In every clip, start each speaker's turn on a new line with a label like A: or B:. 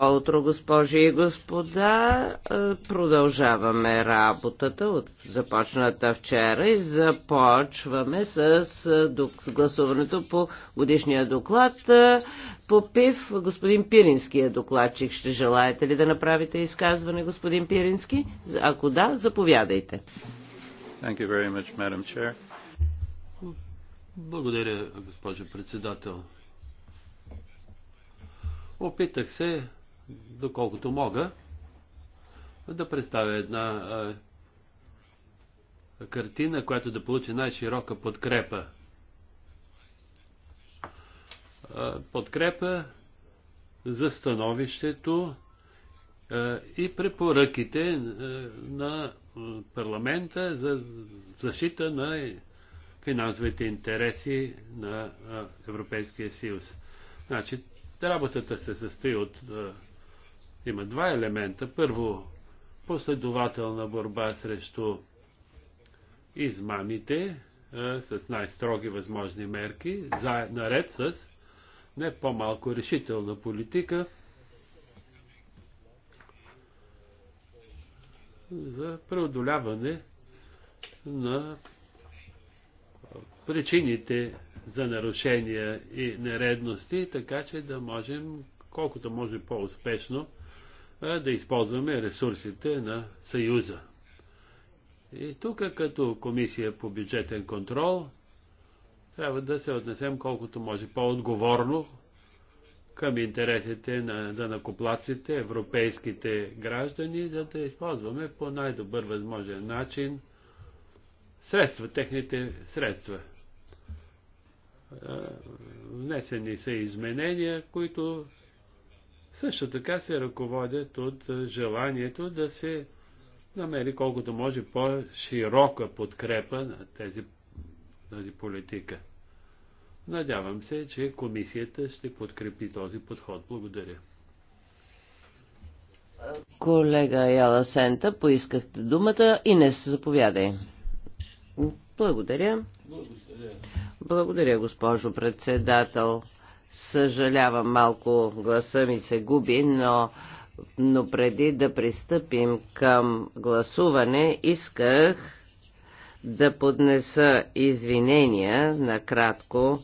A: Утро, госпожи и господа. Е, продължаваме работата от започната вчера и започваме с е, гласуването по годишния доклад. Е, по ПИВ, господин Пирински е докладчик. Ще желаете ли да направите изказване, господин Пирински? Ако да, заповядайте. Thank you very much, Madam Chair.
B: Благодаря, госпожо председател. Опитах се, доколкото мога, да представя една а, картина, която да получи най-широка подкрепа. А, подкрепа за становището а, и препоръките а, на парламента за защита на финансовите интереси на Европейския съюз. Значи, Работата се състои от... Е, има два елемента. Първо, последователна борба срещу измамите е, с най-строги възможни мерки, за, наред с не по-малко решителна политика за преодоляване на причините за нарушения и нередности, така че да можем колкото може по-успешно да използваме ресурсите на Съюза. И тук като комисия по бюджетен контрол трябва да се отнесем колкото може по-отговорно към интересите на данакоплаците, европейските граждани, за да използваме по най-добър възможен начин средства, техните средства. Е, внесени са изменения, които също така се ръководят от желанието да се намери колкото може по-широка подкрепа на тези, тази политика. Надявам се, че комисията ще подкрепи този подход. Благодаря.
A: Колега Яла Сента, поискахте думата и не се заповядай. Благодаря.
B: Благодаря.
A: Благодаря, госпожо председател. Съжалявам, малко гласа ми се губи, но, но преди да пристъпим към гласуване, исках да поднеса извинения накратко,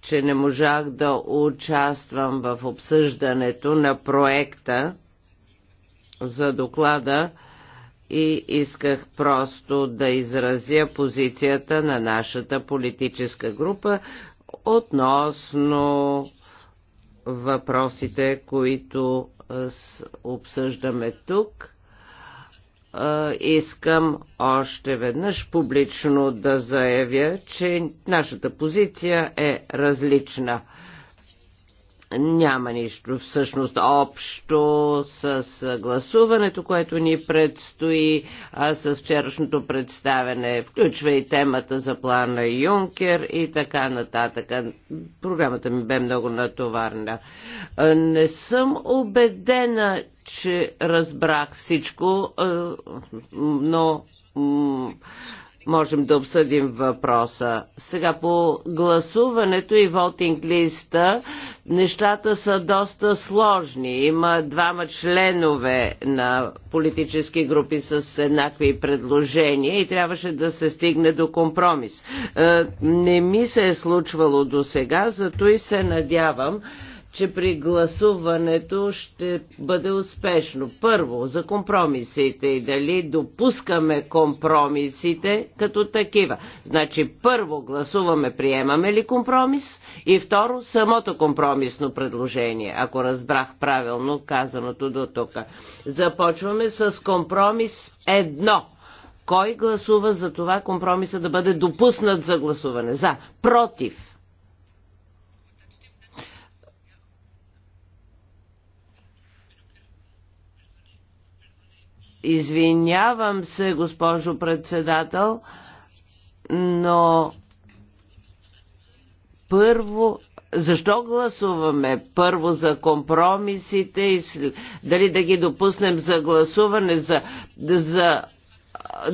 A: че не можах да участвам в обсъждането на проекта за доклада и исках просто да изразя позицията на нашата политическа група относно въпросите, които обсъждаме тук. Искам още веднъж публично да заявя, че нашата позиция е различна няма нищо всъщност общо с гласуването, което ни предстои, а с вчерашното представене включва и темата за плана Юнкер и така нататък. Програмата ми бе много натоварна. Не съм убедена, че разбрах всичко, но можем да обсъдим въпроса. Сега по гласуването и вотинг листа нещата са доста сложни. Има двама членове на политически групи с еднакви предложения и трябваше да се стигне до компромис. Е, не ми се е случвало до сега, зато и се надявам, че при гласуването ще бъде успешно. Първо, за компромисите и дали допускаме компромисите като такива. Значи, първо гласуваме, приемаме ли компромис и второ, самото компромисно предложение, ако разбрах правилно казаното до тук. Започваме с компромис едно. Кой гласува за това компромиса да бъде допуснат за гласуване? За. Против Извинявам се, госпожо председател, но първо защо гласуваме първо за компромисите и дали да ги допуснем за гласуване за, за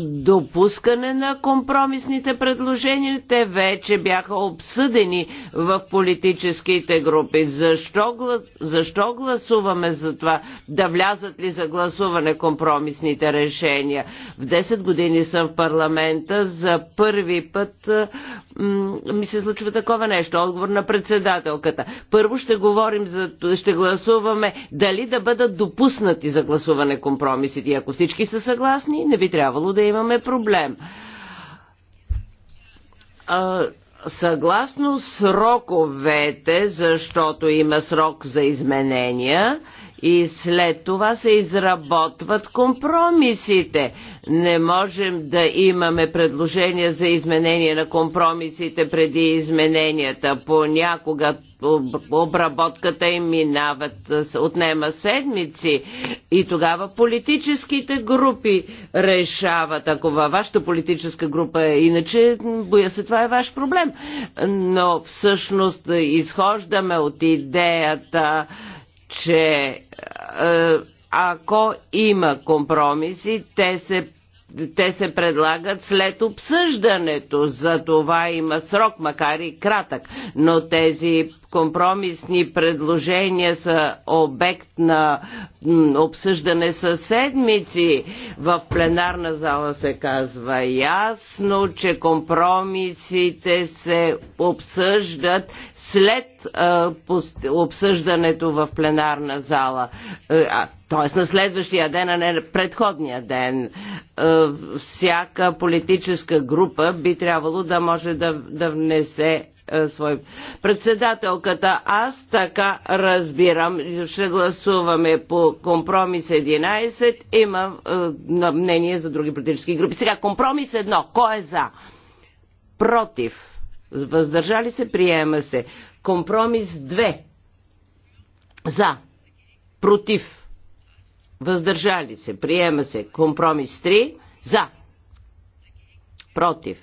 A: допускане на компромисните предложения, те вече бяха обсъдени в политическите групи. Защо, защо гласуваме за това? Да влязат ли за гласуване компромисните решения? В 10 години съм в парламента, за първи път ми се случва такова нещо. Отговор на председателката. Първо ще говорим за, ще гласуваме дали да бъдат допуснати за гласуване компромисите. И ако всички са съгласни, не би трябвало трябвало да имаме проблем. А, съгласно сроковете, защото има срок за изменения, и след това се изработват компромисите. Не можем да имаме предложения за изменение на компромисите преди измененията. Понякога обработката им минават, отнема седмици и тогава политическите групи решават. Ако във вашата политическа група е иначе, боя се, това е ваш проблем. Но всъщност изхождаме от идеята, че е, ако има компромиси, те се те се предлагат след обсъждането. За това има срок, макар и кратък, но тези компромисни предложения са обект на обсъждане със седмици. В пленарна зала се казва ясно, че компромисите се обсъждат след обсъждането в пленарна зала. Е, т.е. на следващия ден, а не на предходния ден. Е, всяка политическа група би трябвало да може да, да внесе е, свой председателката. Аз така разбирам, ще гласуваме по компромис 11. Има е, на мнение за други политически групи. Сега компромис 1. Кой е за? Против. Въздържали се, приема се. Компромис 2. За. Против въздържали се, приема се. Компромис 3 за, против,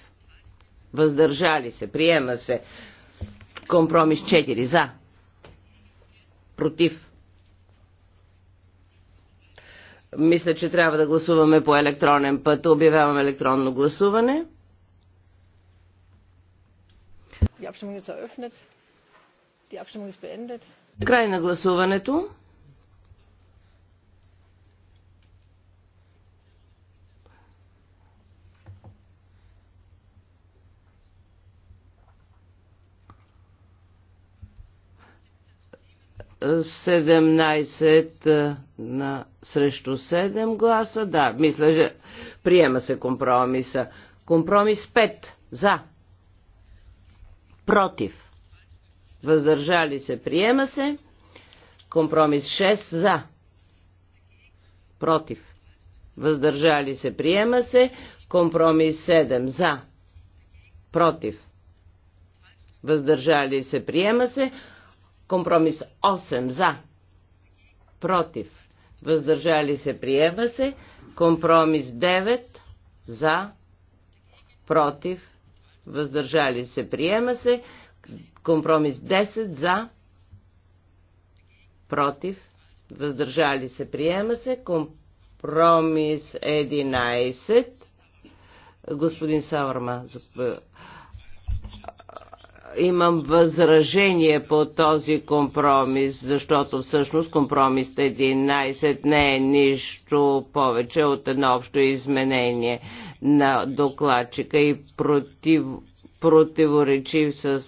A: въздържали се, приема се. Компромис 4 за, против. Мисля, че трябва да гласуваме по електронен път. Обявявам електронно гласуване. Край на гласуването. 17 на, срещу 7 гласа. Да, мисля, че приема се компромиса. Компромис 5 за. Против. Въздържали се. Приема се. Компромис 6 за. Против. Въздържали се. Приема се. Компромис 7 за. Против. Въздържали се. Приема се. Компромис 8 за, против, въздържали се, приема се. Компромис 9 за, против, въздържали се, приема се. Компромис 10 за, против, въздържали се, приема се. Компромис 11. Господин Саурма, имам възражение по този компромис, защото всъщност компромис 11 не е нищо повече от едно общо изменение на докладчика и против, противоречив с,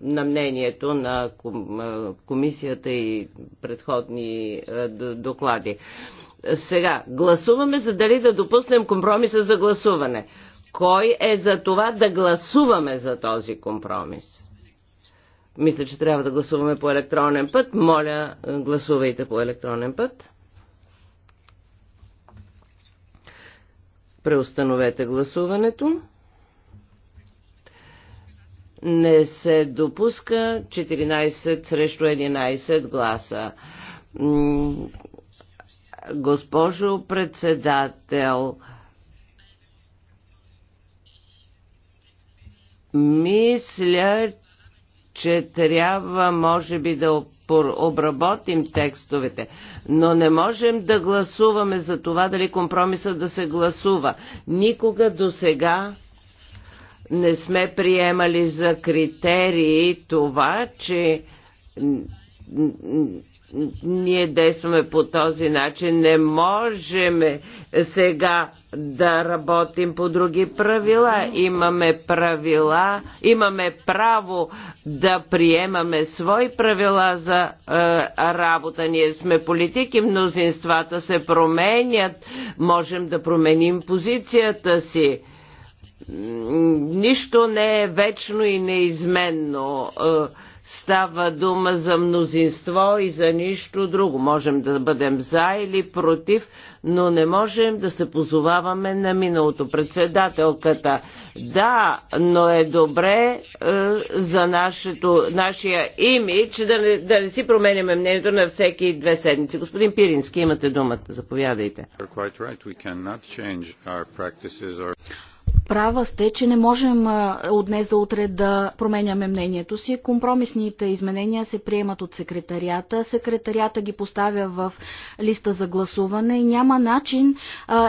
A: на мнението на комисията и предходни доклади. Сега, гласуваме за дали да допуснем компромиса за гласуване кой е за това да гласуваме за този компромис? Мисля, че трябва да гласуваме по електронен път. Моля, гласувайте по електронен път. Преустановете гласуването. Не се допуска 14 срещу 11 гласа. Госпожо председател, Мисля, че трябва, може би, да обработим текстовете, но не можем да гласуваме за това дали компромиса да се гласува. Никога до сега не сме приемали за критерии това, че ние действаме по този начин. Не можем сега да работим по други правила. Имаме правила, имаме право да приемаме свои правила за е, работа. Ние сме политики, мнозинствата се променят, можем да променим позицията си. Нищо не е вечно и неизменно. Е, става дума за мнозинство и за нищо друго. Можем да бъдем за или против, но не можем да се позоваваме на миналото. Председателката, да, но е добре е, за нашето, нашия имидж да не, да не си променяме мнението на всеки две седмици. Господин Пирински, имате думата. Заповядайте.
C: Права сте, че не можем от днес за утре да променяме мнението си. Компромисните изменения се приемат от секретарията. Секретарията ги поставя в листа за гласуване и няма начин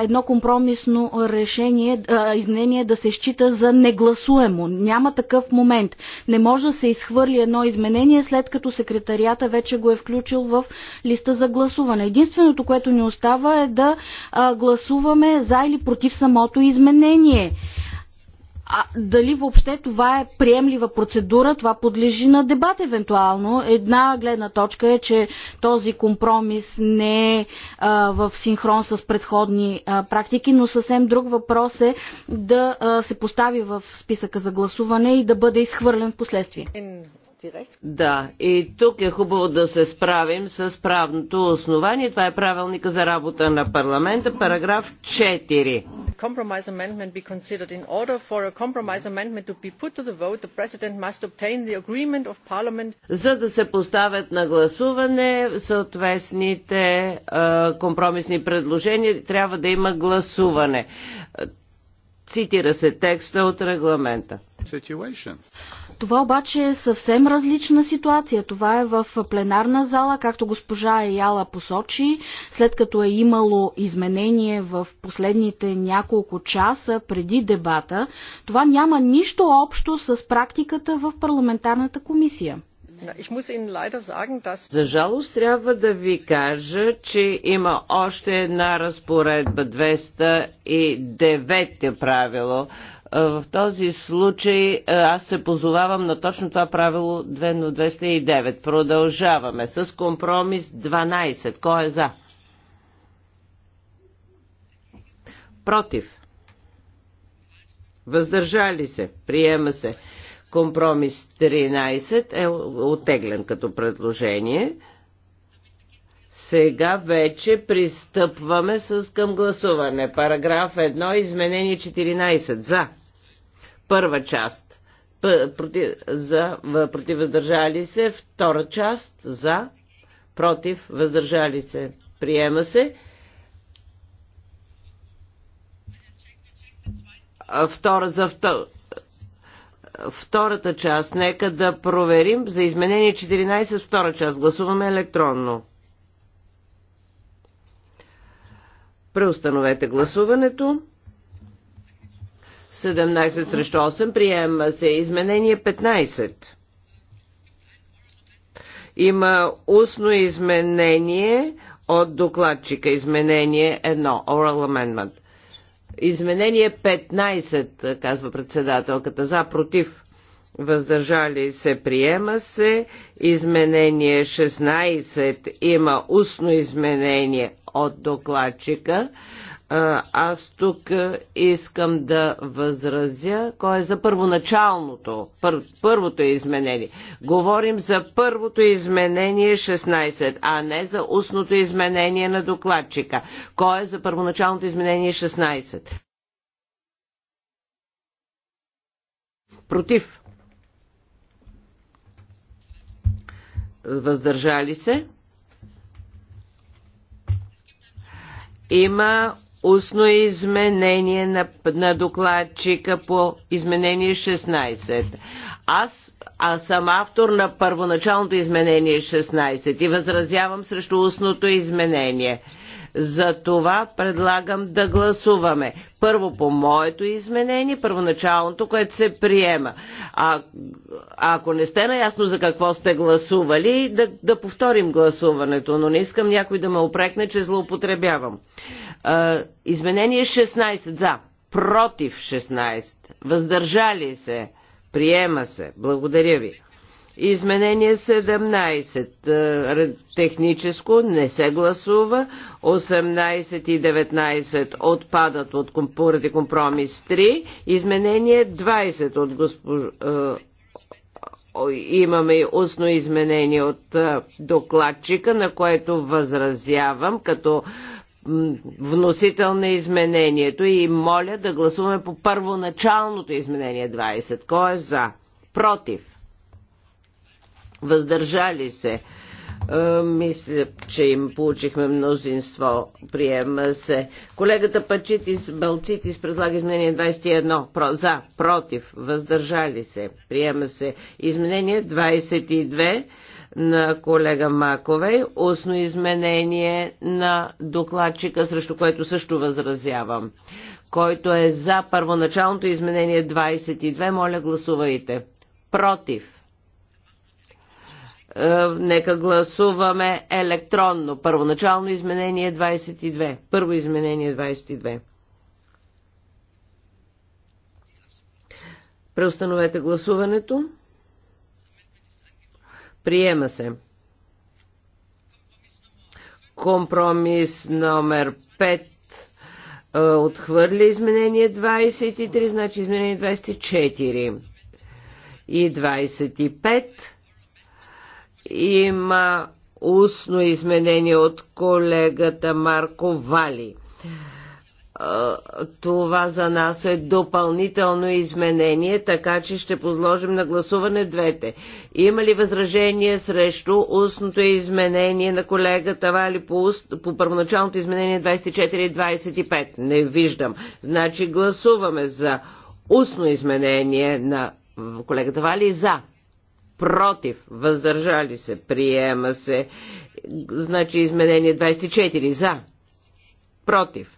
C: едно компромисно решение, изменение да се счита за негласуемо. Няма такъв момент. Не може да се изхвърли едно изменение, след като секретарията вече го е включил в листа за гласуване. Единственото, което ни остава е да гласуваме за или против самото изменение а, дали въобще това е приемлива процедура, това подлежи на дебат евентуално. Една гледна точка е, че този компромис не е а, в синхрон с предходни а, практики, но съвсем друг въпрос е да а, се постави в списъка за гласуване и да бъде изхвърлен в последствие.
A: Да, и тук е хубаво да се справим с правното основание. Това е правилника за работа на парламента, параграф 4. За да се поставят на гласуване съответните е, компромисни предложения, трябва да има гласуване. Цитира се текста от регламента. Situation.
C: Това обаче е съвсем различна ситуация. Това е в пленарна зала, както госпожа Еяла посочи, след като е имало изменение в последните няколко часа преди дебата. Това няма нищо общо с практиката в парламентарната комисия.
A: За жалост трябва да ви кажа, че има още една разпоредба 209 правило, е, в този случай е, аз се позовавам на точно това правило 209. Продължаваме с компромис 12. Кой е за? Против. Въздържали се. Приема се. Компромис 13 е отеглен като предложение. Сега вече пристъпваме с към гласуване. Параграф 1, изменение 14. За. Първа част. П, против, за, против въздържали се. Втора част. За. Против въздържали се. Приема се. Втора за втора втората част. Нека да проверим за изменение 14 втора част. Гласуваме електронно. Преустановете гласуването. 17 срещу 8 приема се изменение 15. Има устно изменение от докладчика. Изменение 1. Oral Amendment. Изменение 15, казва председателката. За, против. Въздържали се, приема се. Изменение 16. Има устно изменение от докладчика. Аз тук искам да възразя, кой е за първоначалното, пър, първото изменение. Говорим за първото изменение 16, а не за устното изменение на докладчика. Кой е за първоначалното изменение 16? Против. Въздържали се? Има устно изменение на, на докладчика по изменение 16. Аз аз съм автор на първоначалното изменение 16 и възразявам срещу устното изменение. За това предлагам да гласуваме. Първо по моето изменение, първоначалното, което се приема. А, ако не сте наясно за какво сте гласували, да, да повторим гласуването, но не искам някой да ме опрекне, че злоупотребявам. А, изменение 16 за, против 16, въздържали се, приема се. Благодаря ви. Изменение 17 е, техническо не се гласува. 18 и 19 отпадат от, поради компромис 3. Изменение 20 от госпож... Е, имаме устно изменение от е, докладчика, на което възразявам като вносител на изменението и моля да гласуваме по първоначалното изменение 20. Кой е за? Против? въздържали се. Е, мисля, че им получихме мнозинство. Приема се. Колегата Пачитис Балцитис предлага изменение 21. Про, за, против, въздържали се. Приема се. Изменение 22 на колега Макове. Устно изменение на докладчика, срещу което също възразявам. Който е за първоначалното изменение 22, моля гласувайте. Против е, нека гласуваме електронно. Първоначално изменение 22. Е Първо изменение 22. Е Преустановете гласуването. Приема се. Компромис номер 5 отхвърля изменение 23, значи изменение 24 и 25 има устно изменение от колегата Марко Вали. Това за нас е допълнително изменение, така че ще подложим на гласуване двете. Има ли възражение срещу устното изменение на колегата Вали по, уст, по първоначалното изменение 24 и 25? Не виждам. Значи гласуваме за устно изменение на колегата Вали за против, въздържали се, приема се, значи изменение 24 за, против,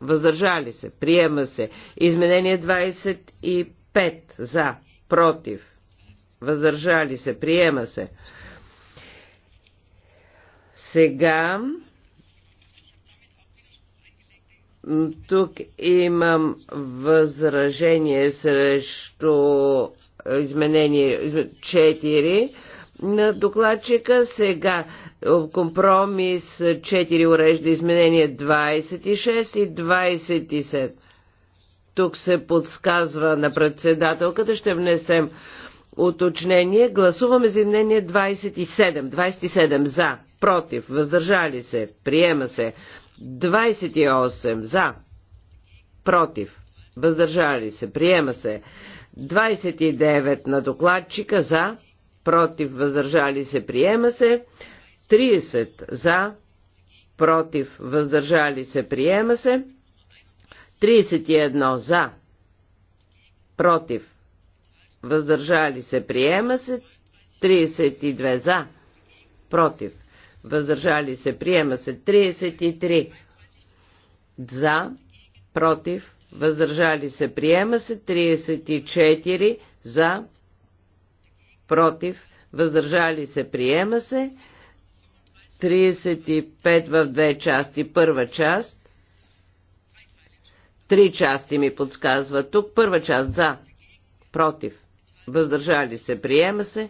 A: въздържали се, приема се, изменение 25 за, против, въздържали се, приема се. Сега тук имам възражение срещу изменение 4 на докладчика. Сега е, компромис 4 е, урежда изменение 26 и 27. Тук се подсказва на председателката, ще внесем уточнение. Гласуваме за изменение 27. 27 за, против, въздържали се, приема се. 28 за, против, въздържали се, приема се. 29 на докладчика за, против, въздържали се, приема се. 30 за, против, въздържали се, приема се. 31 за, против, въздържали се, приема се. 32 за, против, въздържали се, приема се. 33 за, против, въздържали се, приема се, 34 за, против, въздържали се, приема се, 35 в две части, първа част, три части ми подсказва тук, първа част за, против, въздържали се, приема се,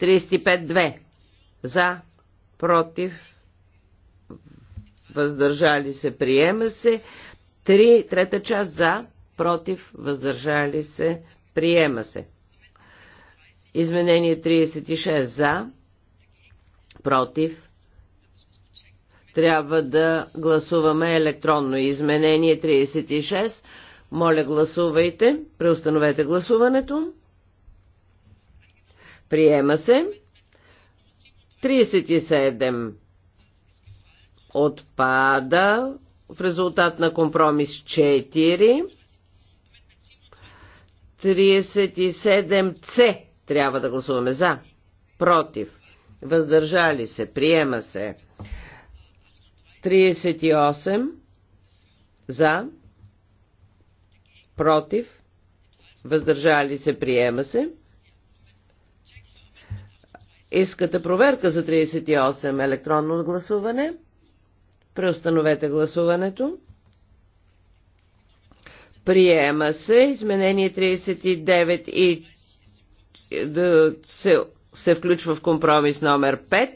A: 35-2 за, против, въздържали се, приема се, Три трета част за, против, въздържали се, приема се. Изменение 36 за, против. Трябва да гласуваме електронно. Изменение 36. Моля, гласувайте. Преустановете гласуването. Приема се. 37. Отпада в резултат на компромис 4. 37C трябва да гласуваме за, против, въздържали се, приема се. 38 за, против, въздържали се, приема се. Искате проверка за 38 електронно гласуване? Преустановете гласуването. Приема се. Изменение 39 и се, се включва в компромис номер 5,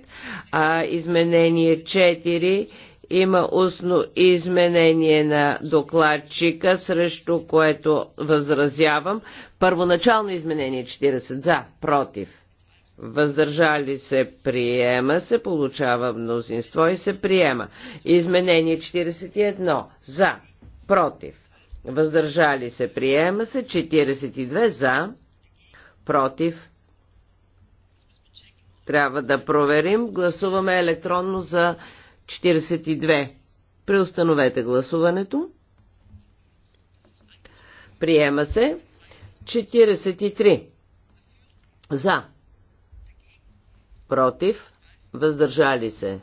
A: а изменение 4 има устно изменение на докладчика, срещу което възразявам. Първоначално изменение 40 за, против въздържали се, приема се, получава мнозинство и се приема. Изменение 41. За, против, въздържали се, приема се, 42 за, против. Трябва да проверим. Гласуваме електронно за 42. Преустановете гласуването. Приема се. 43. За против, въздържали се.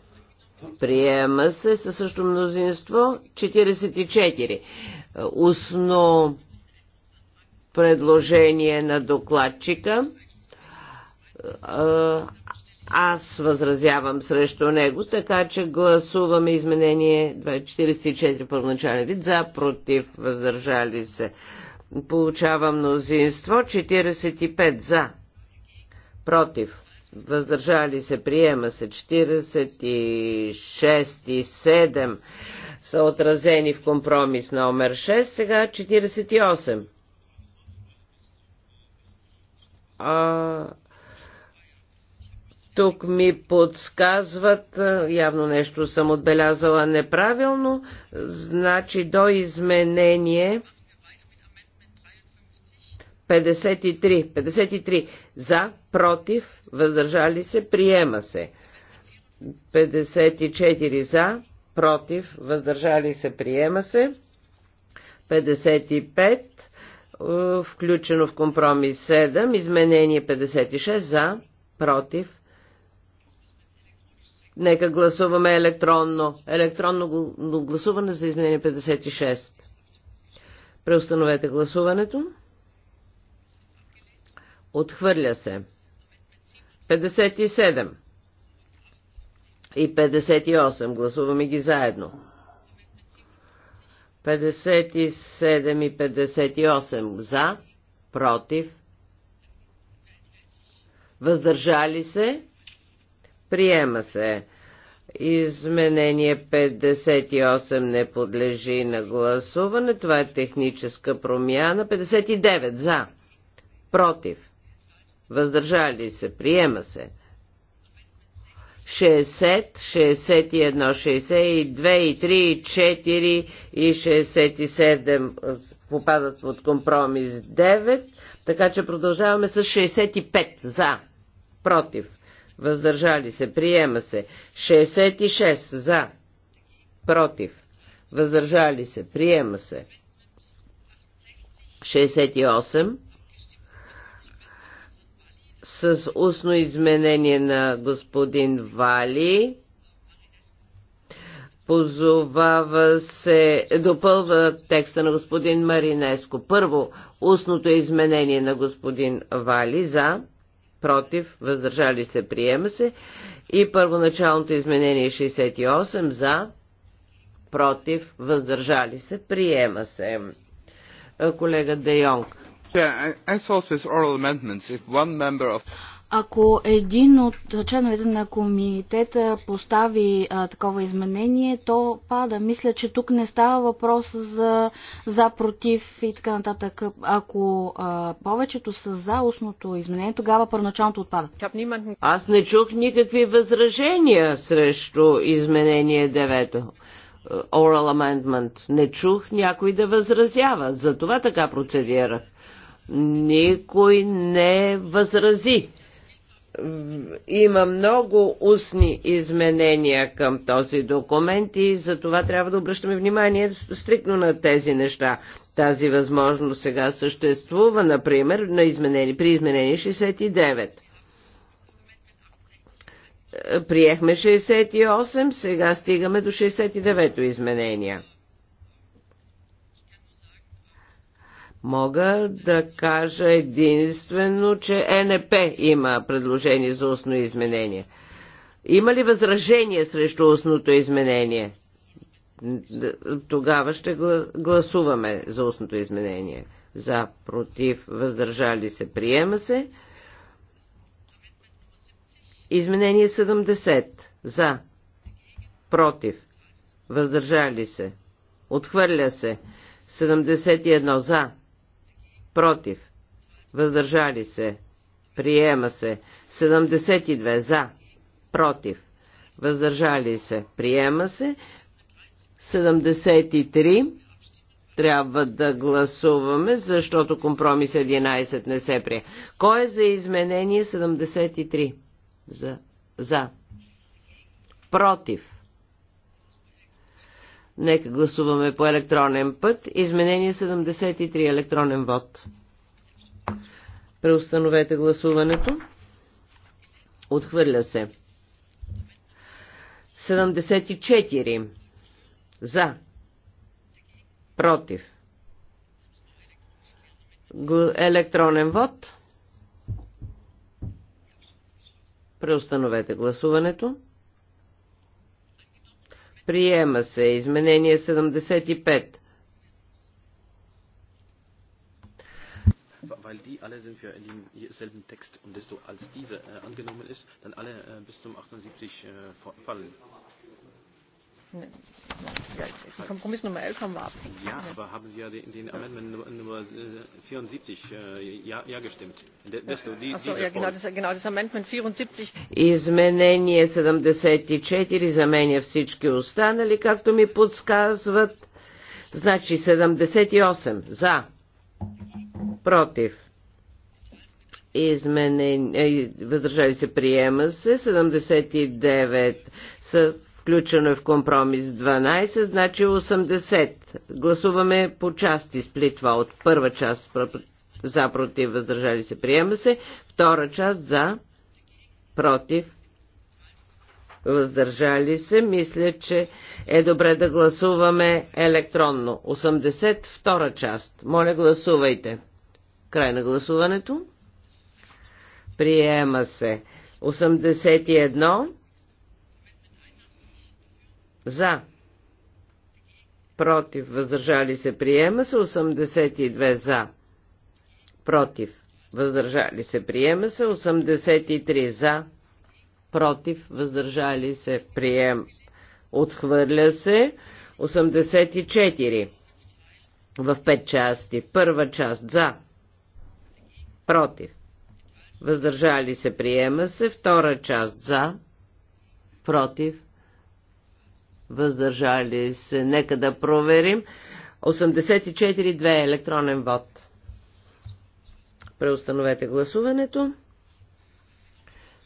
A: Приема се със също мнозинство 44. Устно предложение на докладчика. Аз възразявам срещу него, така че гласуваме изменение 244 първоначален вид за, против, въздържали се. Получава мнозинство 45 за, против, въздържали се, приема се 46 и 7 са отразени в компромис номер 6, сега 48. А, тук ми подсказват, явно нещо съм отбелязала неправилно, значи до изменение 53. 53. За, против, въздържали се, приема се. 54 за, против, въздържали се, приема се. 55 е, включено в компромис 7, изменение 56 за, против. Нека гласуваме електронно. Електронно гласуване за изменение 56. Преустановете гласуването. Отхвърля се. 57 и 58. Гласуваме ги заедно. 57 и 58 за, против, въздържали се, приема се. Изменение 58 не подлежи на гласуване. Това е техническа промяна. 59 за, против, въздържали се, приема се. 60, 61, 62 и 3 и 4 и 67 попадат под компромис 9, така че продължаваме с 65 за, против, въздържали се, приема се. 66 за, против, въздържали се, приема се. 68 с устно изменение на господин Вали. Позовава се, допълва текста на господин Маринеско. Първо, устното изменение на господин Вали за, против, въздържали се, приема се. И първоначалното изменение 68 за, против, въздържали се, приема се. Колега Де Йонг.
C: Ако един от членовете на комитета постави а, такова изменение, то пада. Мисля, че тук не става въпрос за, за против и така нататък. Ако а, повечето са за устното изменение, тогава първоначалното отпада.
A: Аз не чух никакви възражения срещу изменение 9 oral amendment. Не чух някой да възразява, затова така процедирах. Никой не възрази. Има много устни изменения към този документ и за това трябва да обръщаме внимание стрикно на тези неща. Тази възможност сега съществува, например, на изменени, при изменение 69 приехме 68, сега стигаме до 69-то изменение. Мога да кажа единствено, че е НП има предложение за устно изменение. Има ли възражение срещу устното изменение? Тогава ще гласуваме за устното изменение. За, против, въздържали се, приема се. Изменение 70. За, против, въздържали се, отхвърля се. 71 за, против, въздържали се, приема се, 72 за, против, въздържали се, приема се, 73 трябва да гласуваме, защото компромис 11 не се прие. Кой е за изменение 73? За. За. Против. Нека гласуваме по електронен път. Изменение 73. Електронен вод. Преустановете гласуването. Отхвърля се. 74. За. Против. Електронен вод. Преустановете гласуването. Приема се. Изменение 75.
B: weil die alle sind für denselben Text und desto als diese angenommen ist, dann alle bis zum 78 fallen.
A: Kompromiss Nummer 11 haben wir abgelehnt. Ja,
B: aber haben Sie ja den, den Amendment Nummer 74 ja, ja gestimmt. Desto, die, Achso, ja, genau das, genau, das Amendment
A: 74. Изменение 74 заменя всички останали, както ми подсказват. Значи 78 за, против, изменение, въздържали се, приема се, 79 са Включено е в компромис 12, значи 80. Гласуваме по части сплит това от първа част за против въздържали се приема се, втора част за против въздържали се. Мисля, че е добре да гласуваме електронно. 80 втора част. Моля гласувайте. Край на гласуването. Приема се. 81 за. Против. Въздържали се. Приема се. 82 за. Против. Въздържали се. Приема се. 83 за. Против. Въздържали се. Прием. Отхвърля се. 84. В пет части. Първа част за. Против. Въздържали се. Приема се. Втора част за. Против въздържали се. Нека да проверим. 84-2 електронен вод. Преустановете гласуването.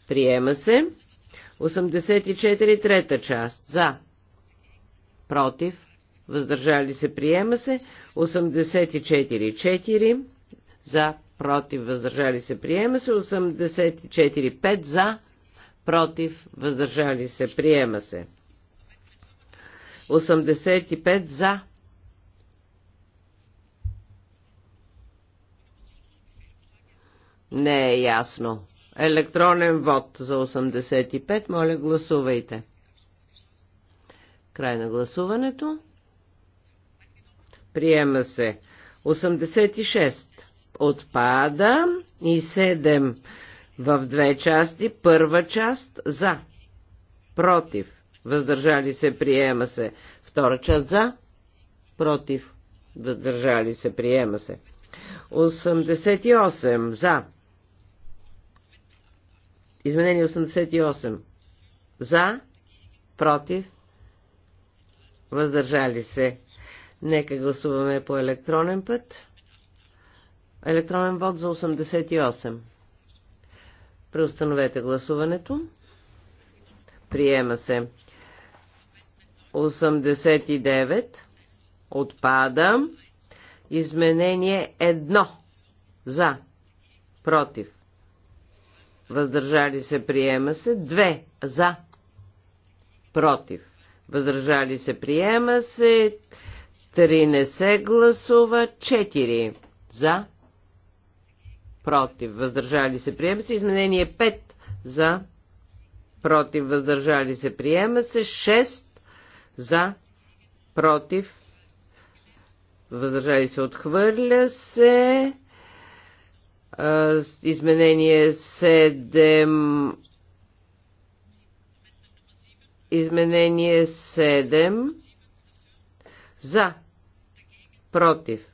A: Приема се. 84 трета част. За. Против. Въздържали се. Приема се. 84 4. За. Против. Въздържали се. Приема се. 84 5. За. Против. Въздържали се. Приема се. 85 за. Не е ясно. Електронен вод за 85. Моля, гласувайте. Край на гласуването. Приема се. 86. Отпада и 7 в две части. Първа част за. Против въздържали се, приема се. Втора част за, против, въздържали се, приема се. 88 за. Изменение 88. За, против, въздържали се. Нека гласуваме по електронен път. Електронен вод за 88. Преустановете гласуването. Приема се. 89 отпада. Изменение 1 за, против, въздържали се, приема се. 2 за, против, въздържали се, приема се. 3 не се гласува. 4 за, против, въздържали се, приема се. Изменение 5 за, против, въздържали се, приема се. 6 за, против, въздържали се, отхвърля се. Изменение 7. Изменение 7. За. Против.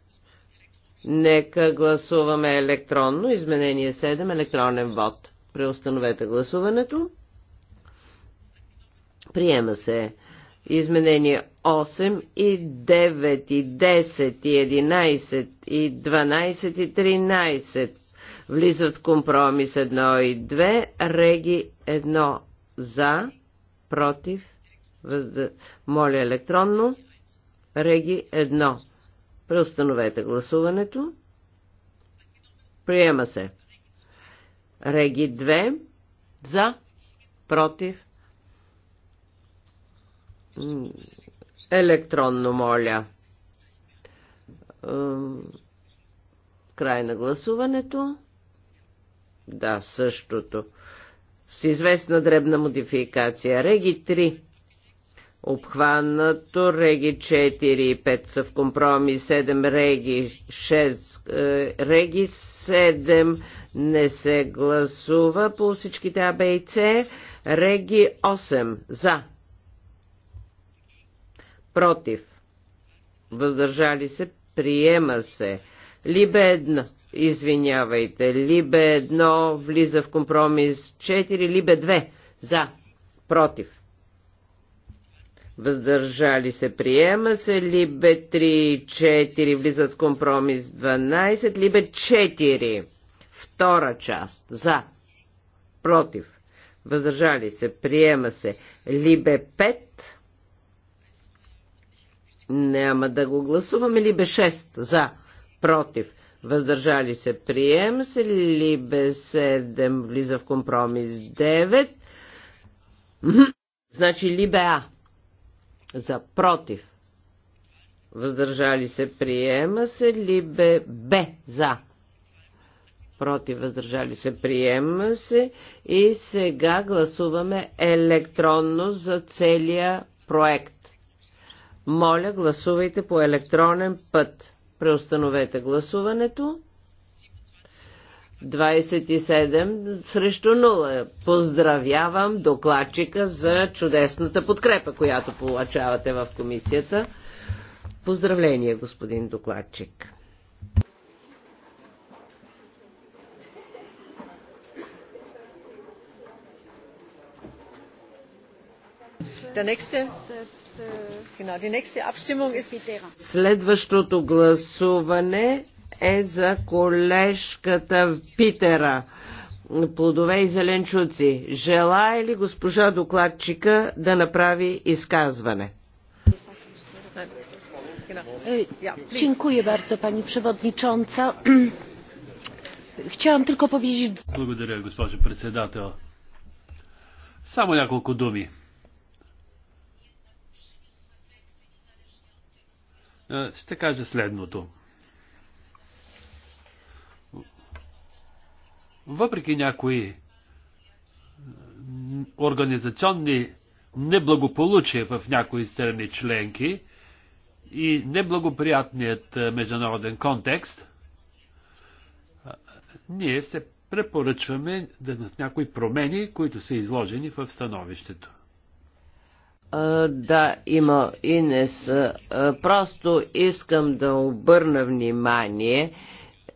A: Нека гласуваме електронно. Изменение 7. Електронен вод. Преустановете гласуването. Приема се. Изменения 8 и 9 и 10 и 11 и 12 и 13 влизат в компромис 1 и 2, реги 1 за, против, възда... моля електронно, реги 1. Преустановете гласуването. Приема се. Реги 2 за, против, електронно, моля. Е, край на гласуването. Да, същото. С известна дребна модификация. Реги 3. Обхванато Реги 4 и 5 са в компромис, 7 Реги 6, е, Реги 7 не се гласува по всичките АБ и С, Реги 8 за против, въздържали се, приема се. Либе едно, извинявайте, либе едно влиза в компромис 4, либе 2 за, против. Въздържали се, приема се, либе 3, 4 влизат в компромис 12, либе 4. Втора част за, против. Въздържали се, приема се, либе 5 няма да го гласуваме. Либе 6 за, против, въздържали се, приема се. ли бе 7 влиза в компромис 9. Значи Либе А за, против, въздържали се, приема се. Либе Б за, против въздържали се, приема се и сега гласуваме електронно за целия проект. Моля, гласувайте по електронен път. Преустановете гласуването. 27 срещу 0. Поздравявам докладчика за чудесната подкрепа, която получавате в комисията. Поздравление, господин докладчик. next step. Следващото гласуване е за колежката Питера. Плодове и зеленчуци. Желая ли госпожа докладчика да направи изказване?
C: Dziękuję bardzo Pani Przewodnicząca. Chciałam tylko powiedzieć...
B: Благодаря, госпожа председател. Само няколко думи. Е, ще кажа следното. Въпреки някои организационни неблагополучия в някои страни членки и неблагоприятният е, международен контекст, е, ние се препоръчваме да на някои промени, които са изложени в становището
A: да има и не са. Просто искам да обърна внимание,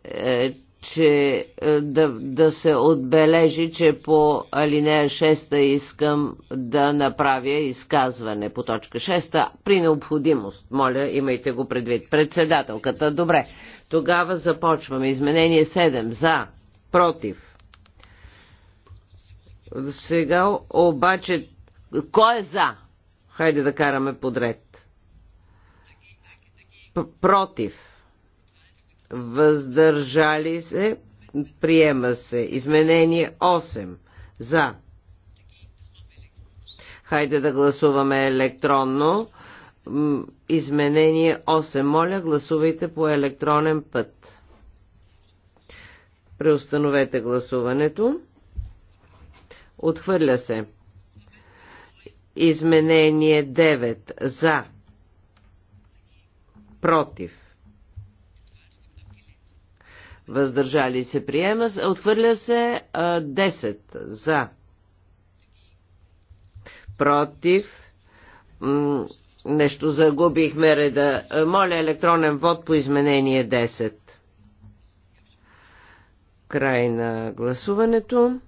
A: е, че е, да, да се отбележи, че по алинея 6 искам да направя изказване по точка 6 при необходимост. Моля, имайте го предвид. Председателката, добре. Тогава започваме. Изменение 7. За. Против. Сега обаче, кой е за? Хайде да караме подред. П против. Въздържали се. Приема се. Изменение 8. За. Хайде да гласуваме електронно. Изменение 8. Моля, гласувайте по електронен път. Преустановете гласуването. Отхвърля се. Изменение 9 за. Против. Въздържали се приема. Отхвърля се 10 за. Против. Нещо загубихме реда. Моля електронен вод по изменение 10. Край на гласуването.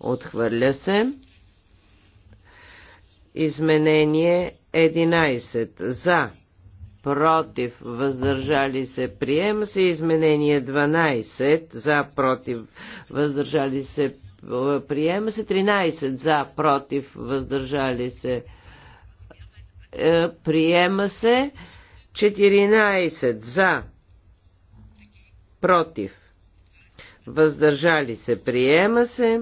A: Отхвърля се. Изменение 11. За. Против. Въздържали се. Приема се. Изменение 12. За. Против. Въздържали се. Приема се. 13. Е, За. Против. Въздържали се. Приема се. 14. За. Против. Въздържали се. Приема се.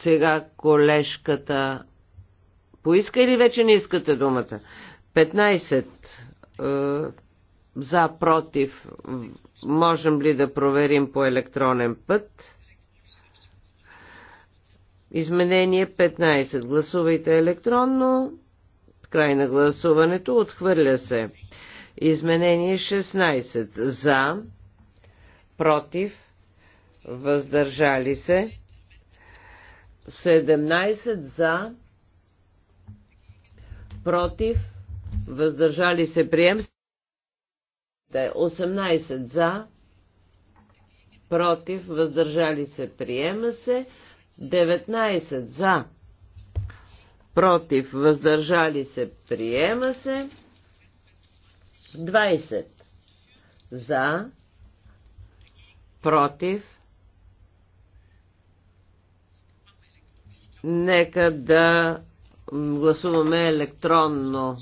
A: Сега колешката, поиска или вече не искате думата? 15 е, за, против, можем ли да проверим по електронен път? Изменение 15. Гласувайте електронно. Край на гласуването. Отхвърля се. Изменение 16. За. Против. Въздържали се. 17 за, против, въздържали се прием. 18 за, против, въздържали се приема се. 19 за, против, въздържали се приема се. 20 за, против, Нека да гласуваме електронно.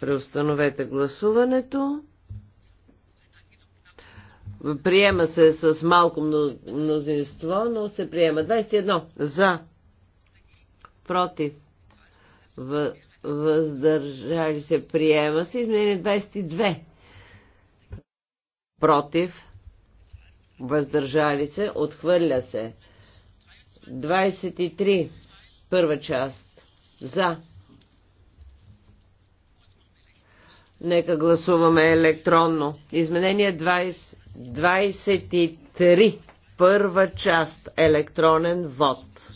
A: Преустановете гласуването. Приема се с малко мнозинство, но се приема. 21. За. Против. Въздържали се. Приема се. Изменение 22. Против. Въздържали се. Отхвърля се. 23. Първа част. За. Нека гласуваме електронно. Изменение 20, 23. Първа част. Електронен вод.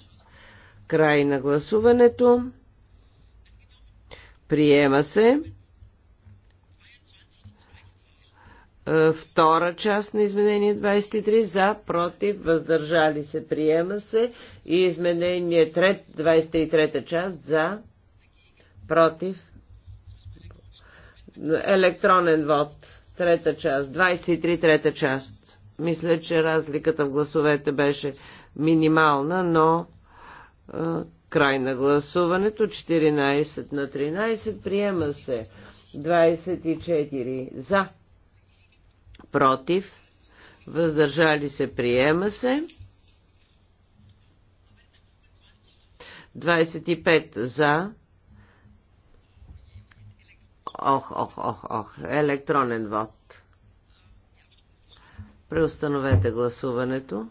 A: Край на гласуването. Приема се. Е, втора част на изменение 23 за, против, въздържали се, приема се. И изменение 23 част за, против, електронен вод, трета част, 23 трета част. Мисля, че разликата в гласовете беше минимална, но е, край на гласуването 14 на 13 приема се 24 за против, въздържали се, приема се. 25 за. Ох, ох, ох, ох, електронен вод. Преустановете гласуването.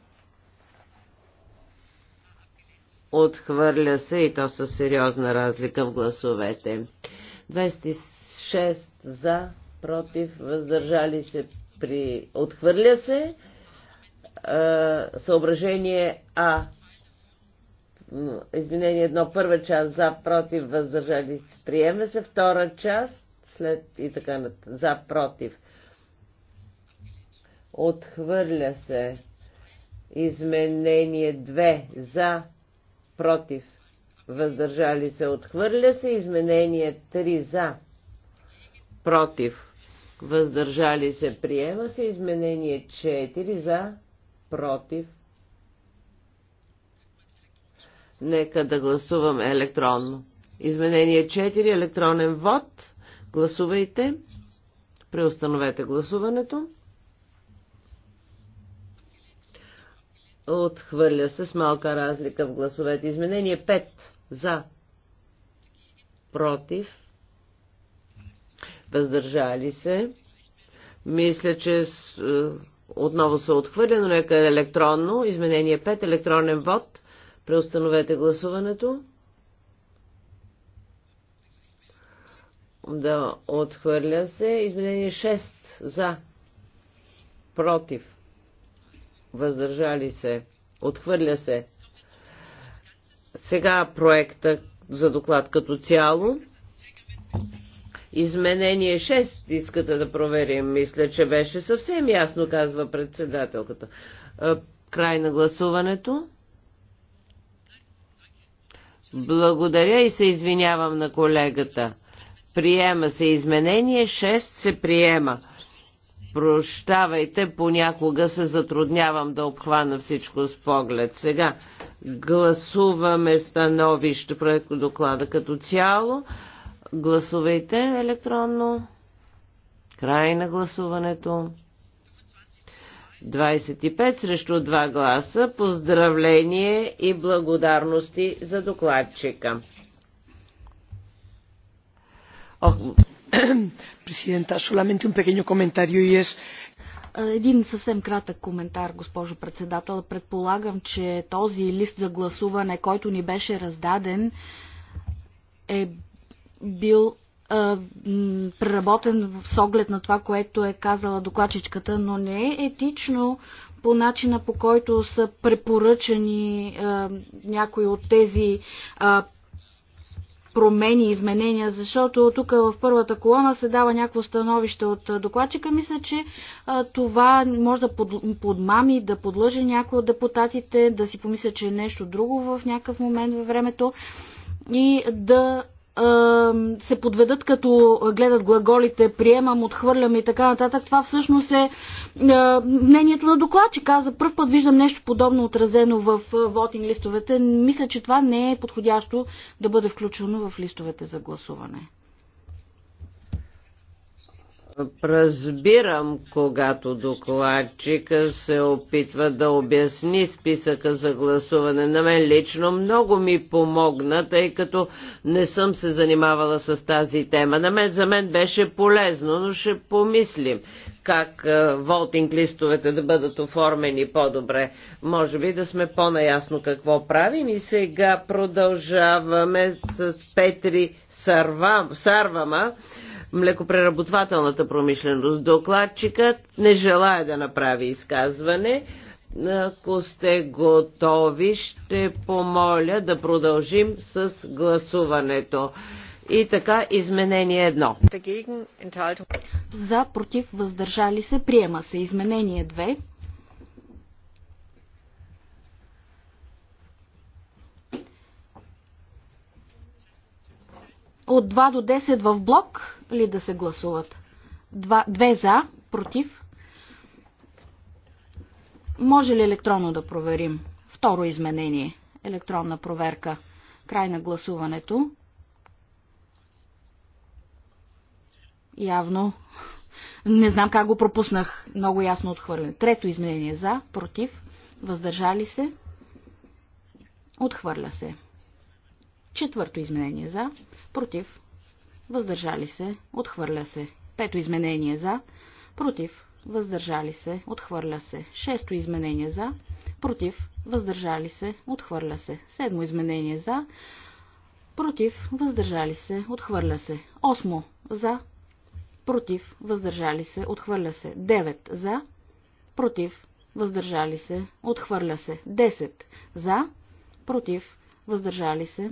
A: Отхвърля се и то със сериозна разлика в гласовете. 26 за, против, въздържали се, при... отхвърля се. Съображение А. Изменение едно, първа част за, против, въздържали се, приема се, втора част, след и така, за, против. Отхвърля се. Изменение 2. За. Против. Въздържали се. Отхвърля се. Изменение 3. За. Против въздържали се, приема се. Изменение 4 за, против. Нека да гласуваме електронно. Изменение 4, електронен вод. Гласувайте. Преустановете гласуването. Отхвърля се с малка разлика в гласовете. Изменение 5 за, против, въздържали се. Мисля, че с, е, отново се отхвърля, но нека е електронно. Изменение 5, електронен вод. Преустановете гласуването. Да отхвърля се. Изменение 6 за. Против. Въздържали се. Отхвърля се. Сега проекта за доклад като цяло. Изменение 6 искате да проверим. Мисля, че беше съвсем ясно, казва председателката. Край на гласуването. Благодаря и се извинявам на колегата. Приема се изменение, 6 се приема. Прощавайте, понякога се затруднявам да обхвана всичко с поглед. Сега гласуваме становище проекто доклада като цяло. Гласувайте електронно. Край на гласуването. 25 срещу 2 гласа. Поздравление и благодарности за докладчика. О... Президента, solamente un pequeño comentario y es
C: един съвсем кратък коментар, госпожо председател. Предполагам, че този лист за гласуване, който ни беше раздаден, е бил а, преработен с оглед на това, което е казала докладчичката, но не е етично по начина по който са препоръчани а, някои от тези а, промени, изменения, защото тук в първата колона се дава някакво становище от докладчика. Мисля, че а, това може да под, подмами, да подлъжи някои от депутатите, да си помисля, че е нещо друго в някакъв момент във времето и да се подведат като гледат глаголите, приемам, отхвърлям и така нататък. Това всъщност е мнението на докладчика. За първ път виждам нещо подобно отразено в вотинг листовете. Мисля, че това не е подходящо да бъде включено в листовете за гласуване.
A: Разбирам, когато докладчика се опитва да обясни списъка за гласуване. На мен лично много ми помогна, тъй като не съм се занимавала с тази тема. На мен, за мен беше полезно, но ще помислим как е, волтинг листовете да бъдат оформени по-добре. Може би да сме по-наясно какво правим и сега продължаваме с Петри Сарва, Сарвама млекопреработвателната промишленост. Докладчикът не желая да направи изказване. Ако сте готови, ще помоля да продължим с гласуването. И така,
C: изменение едно. За, против, въздържали се, приема се. Изменение 2. от 2 до 10 в блок ли да се гласуват? Два, две за, против. Може ли електронно да проверим? Второ изменение. Електронна проверка. Край на гласуването. Явно. Не знам как го пропуснах. Много ясно отхвърлен. Трето изменение за, против, въздържали се. Отхвърля се. Четвърто изменение за, против, въздържали се, отхвърля се. Пето изменение за, против, въздържали се, отхвърля се. Шесто изменение за, против, въздържали се, отхвърля се. Седмо изменение за, против, въздържали се, отхвърля се. Осмо за, против, въздържали се, отхвърля се. Девет за, против, въздържали се, отхвърля се. Десет за, против, въздържали се,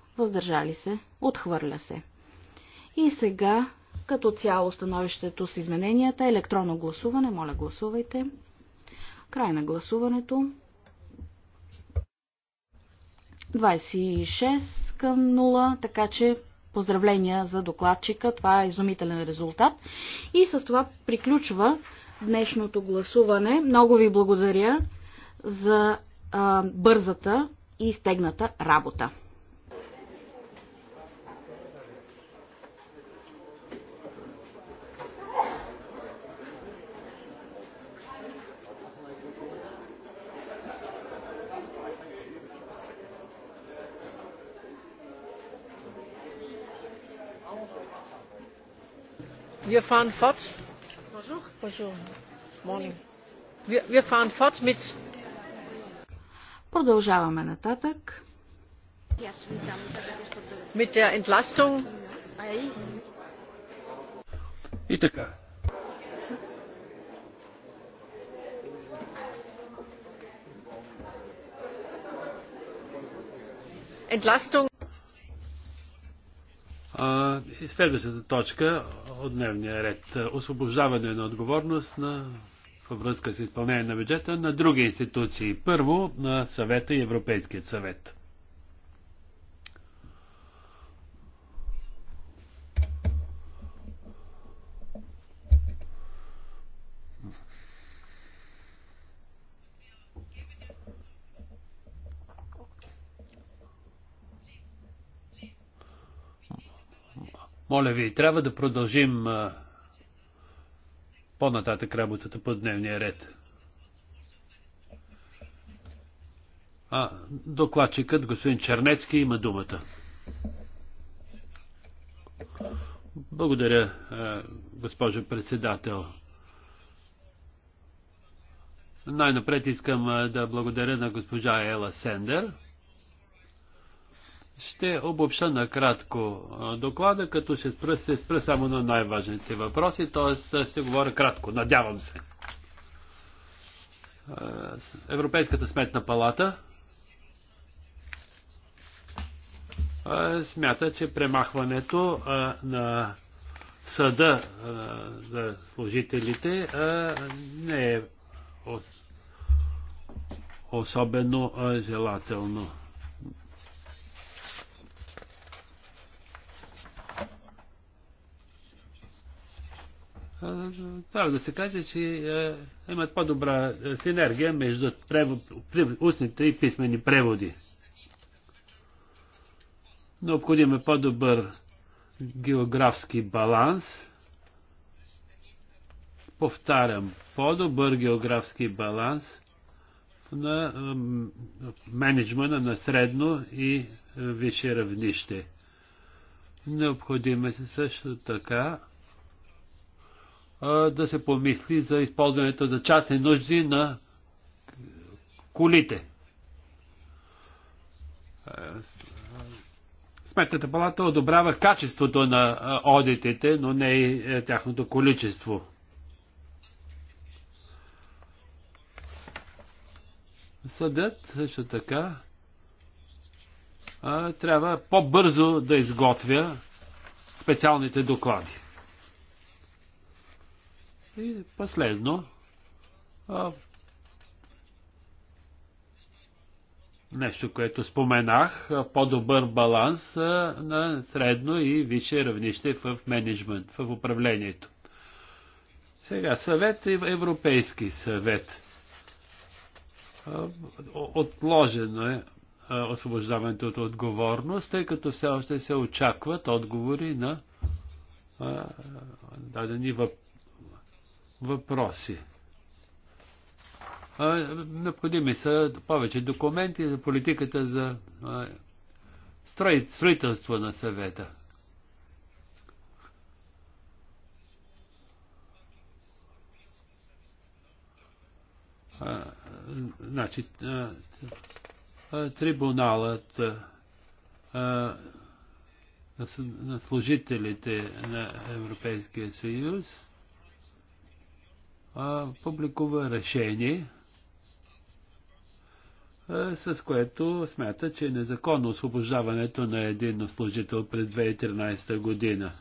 C: въздържали се, отхвърля се. И сега, като цяло становището с измененията, електронно гласуване, моля гласувайте. Край на гласуването. 26 към 0, така че поздравления за докладчика. Това е изумителен резултат. И с това приключва днешното гласуване. Много ви благодаря за а, бързата и стегната работа. Wir fahren fort. Wir fahren fort mit. Продължаваме нататък. Mit der Entlastung. И така. Entlastung.
B: Следващата точка от дневния ред. Освобождаване на отговорност на, във връзка с изпълнение на бюджета на други институции. Първо на съвета и Европейският съвет. моля ви, трябва да продължим по-нататък работата по дневния ред. А, докладчикът, господин Чернецки, има думата. Благодаря, госпожо председател. Най-напред искам да благодаря на госпожа Ела Сендер. Ще обобща накратко доклада, като ще спра, се спра само на най-важните въпроси, т.е. ще говоря кратко, надявам се. Е, Европейската сметна палата е, смята, че премахването е, на съда за служителите не е особено желателно. трябва да се каже, че имат по-добра синергия между превод, устните и писмени преводи. Необходим е по-добър географски баланс. Повтарям, по-добър географски баланс на менеджмента на средно и висше равнище. Необходим е също така да се помисли за използването за частни нужди на колите. Сметната палата одобрява качеството на одитите, но не и е, тяхното количество. Съдът също така трябва по-бързо да изготвя специалните доклади. И последно, а, нещо, което споменах, по-добър баланс а, на средно и висше равнище в менеджмент, в управлението. Сега, съвет Европейски съвет. А, отложено е освобождаването от отговорност, тъй като все още се очакват отговори на дадени въпроси. Необходими са повече документи за политиката за строителство на съвета. А, значи, а, трибуналът а, на служителите на Европейския съюз а, публикува решение, а, с което смята, че е незаконно освобождаването на един служител през 2013 година.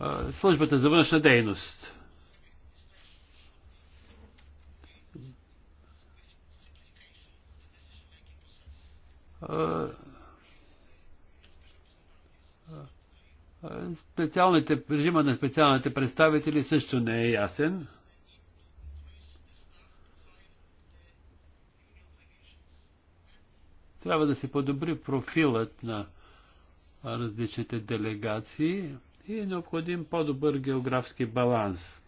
B: А, службата за външна дейност. А, Специалните, режима на специалните представители също не е ясен. Трябва да се подобри профилът на различните делегации и е необходим по-добър географски баланс.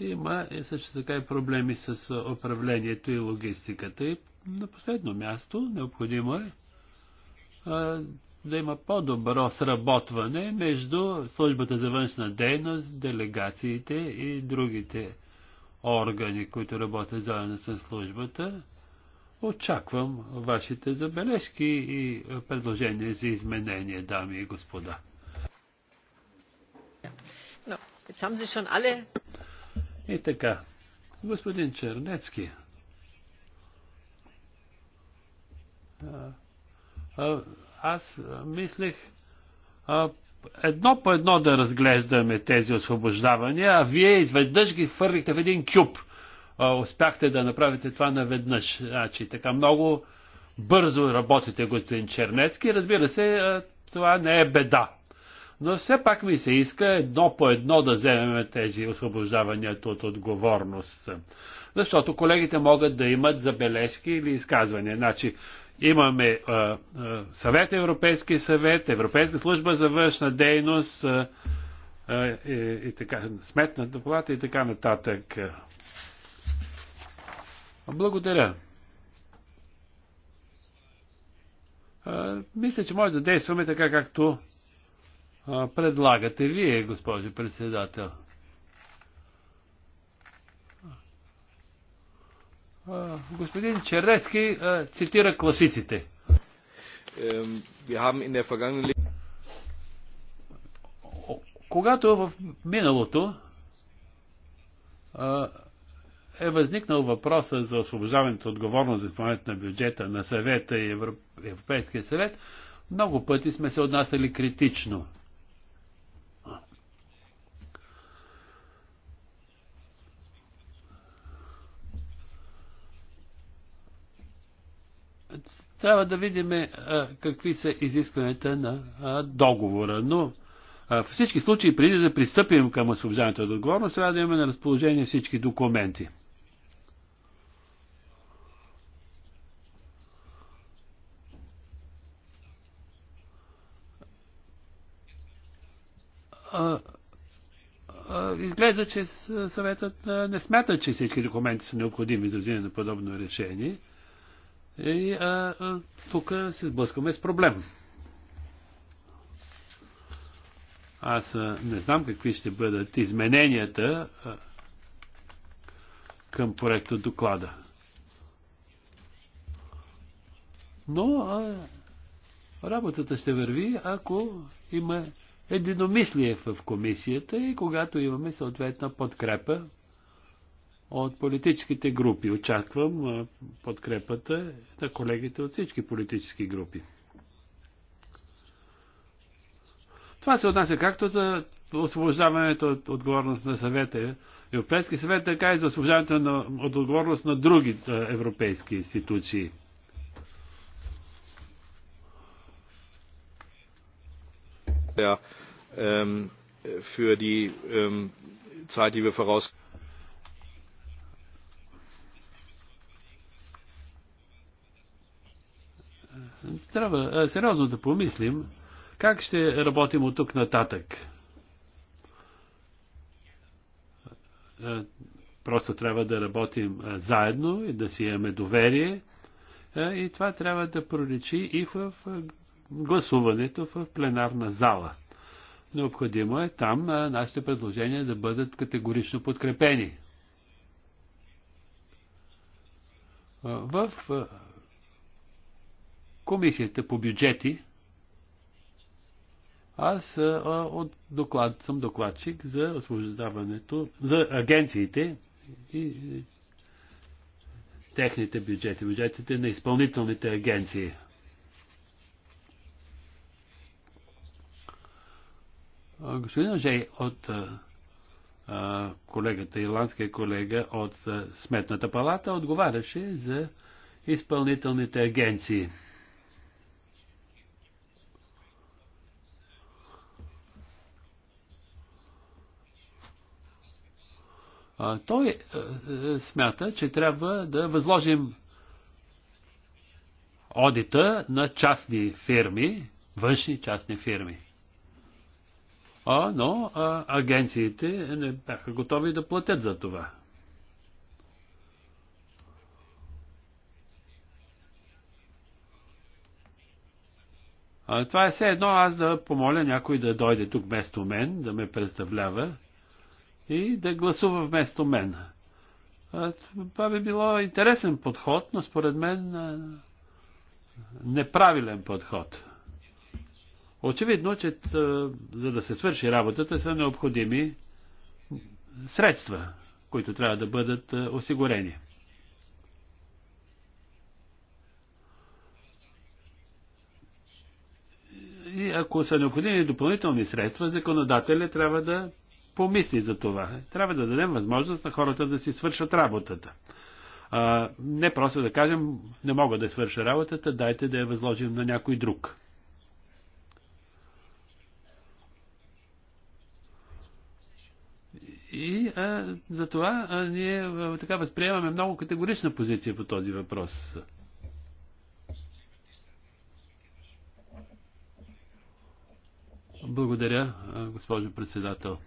B: Има и също така и проблеми с управлението и логистиката. И на последно място необходимо е да има по-добро сработване между службата за външна дейност, делегациите и другите органи, които работят заедно с службата. Очаквам вашите забележки и предложения за изменение, дами и господа. И така, господин Чернецки, а, а, аз мислех а, едно по едно да разглеждаме тези освобождавания, а вие изведнъж ги хвърлихте в един кюб. А, успяхте да направите това наведнъж. Значи, така много бързо работите, господин Чернецки. Разбира се, а, това не е беда. Но все пак ми се иска едно по едно да вземем тези освобождавания от отговорност. Защото колегите могат да имат забележки или изказвания. Значи, Имаме а, съвет Европейски съвет, Европейска служба за външна дейност а, а, и, и така, сметната доклада и така нататък. Благодаря. А, мисля, че може да действаме така, както а, предлагате вие, госпожо председател. Господин Черецки цитира класиците. Когато в миналото е възникнал въпроса за освобождаването отговорност за изпълнението на бюджета на съвета и Европейския съвет, много пъти сме се отнасяли критично Трябва да видим е, какви са изискванията на договора. Но в всички случаи, преди да пристъпим към освобождаването от отговорност, трябва да имаме на разположение всички документи. изглежда, че съветът не смята, че всички документи са необходими за взимане на подобно решение. И а, а, тук се сблъскваме с проблем. Аз а, не знам какви ще бъдат измененията а, към проекта доклада. Но а, работата ще върви, ако има единомислие в комисията и когато имаме съответна подкрепа от политическите групи. Очаквам подкрепата на колегите от всички политически групи. Това се отнася както за освобождаването от отговорност на съвета, Европейски съвет, така и за освобождаването на, от отговорност на други европейски институции. Ja, ähm, für die ähm, Zeit, die wir voraus. Трябва е, сериозно да помислим как ще работим от тук нататък. Е, просто трябва да работим е, заедно и да си имаме доверие. И това трябва да проличи и в гласуването в пленарна зала. Необходимо е там нашите предложения да бъдат категорично подкрепени. В Комисията по бюджети. Аз а, от доклад, съм докладчик за освобождаването, за агенциите и, и техните бюджети, бюджетите на изпълнителните агенции. Господин Ожей от а, колегата, ирландския колега от а, Сметната палата, отговаряше за изпълнителните агенции. Той е, е, смята, че трябва да възложим одита на частни фирми, външни частни фирми. А, но а, агенциите не бяха готови да платят за това. А, това е все едно аз да помоля някой да дойде тук вместо мен, да ме представлява и да гласува вместо мен. Това би било интересен подход, но според мен неправилен подход. Очевидно, че за да се свърши работата са необходими средства, които трябва да бъдат осигурени. И ако са необходими допълнителни средства, законодателя трябва да помисли за това. Трябва да дадем възможност на хората да си свършат работата. А, не просто да кажем, не мога да свърша работата, дайте да я възложим на някой друг. И а, за това а, ние а, така възприемаме много категорична позиция по този въпрос. Благодаря, госпожо председател.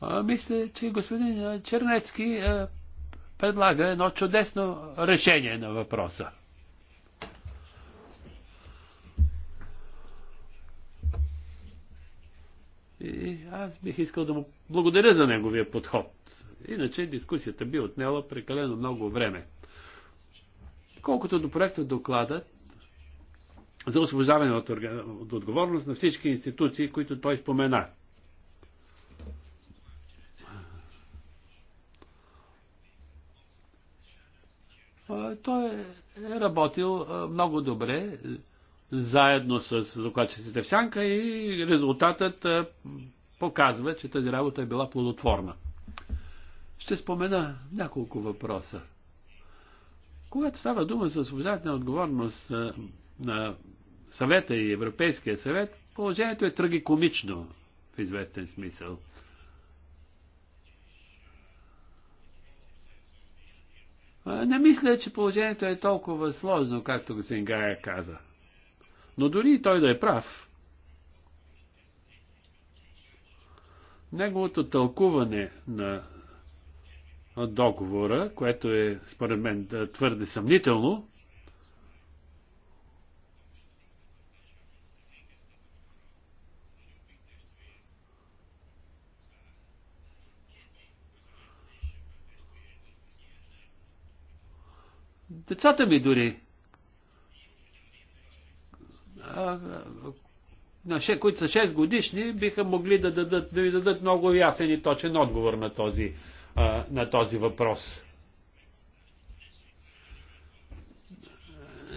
B: А, мисля, че господин Чернецки а, предлага едно чудесно решение на въпроса. И аз бих искал да му благодаря за неговия подход. Иначе дискусията би отнела прекалено много време. Колкото до проекта доклада за освобождаване от, от отговорност на всички институции, които той спомена. Той е работил много добре, заедно с докладчиците в сянка и резултатът показва, че тази работа е била плодотворна. Ще спомена няколко въпроса. Когато става дума за освобождателна отговорност на съвета и Европейския съвет, положението е трагикомично в известен смисъл. Не мисля, че положението е толкова сложно, както господин Гая каза. Но дори той да е прав, неговото тълкуване на договора, което е според мен твърде съмнително, Децата ми дори, на които са 6 годишни, биха могли да, дадат, да ви дадат много ясен и точен отговор на този, на този въпрос.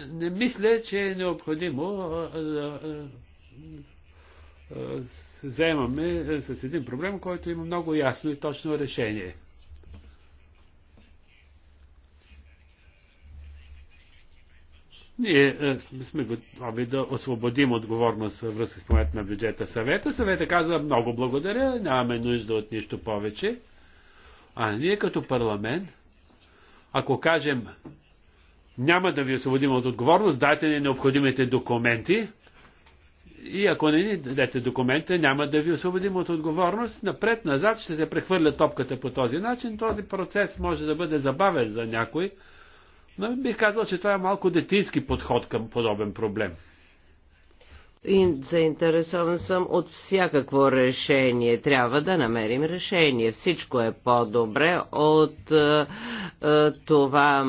B: Не мисля, че е необходимо да вземаме с един проблем, който има много ясно и точно решение. Ние е, сме готови да освободим отговорност във връзка с момента на бюджета съвета. Съвета каза много благодаря, нямаме нужда от нищо повече. А ние като парламент, ако кажем няма да ви освободим от отговорност, дайте ни необходимите документи и ако не ни дадете документи, няма да ви освободим от отговорност. Напред-назад ще се прехвърля топката по този начин. Този процес може да бъде забавен за някой, но бих казал, че това е малко детински подход към подобен проблем.
A: И заинтересован съм от всякакво решение. Трябва да намерим решение. Всичко е по-добре от е, е това,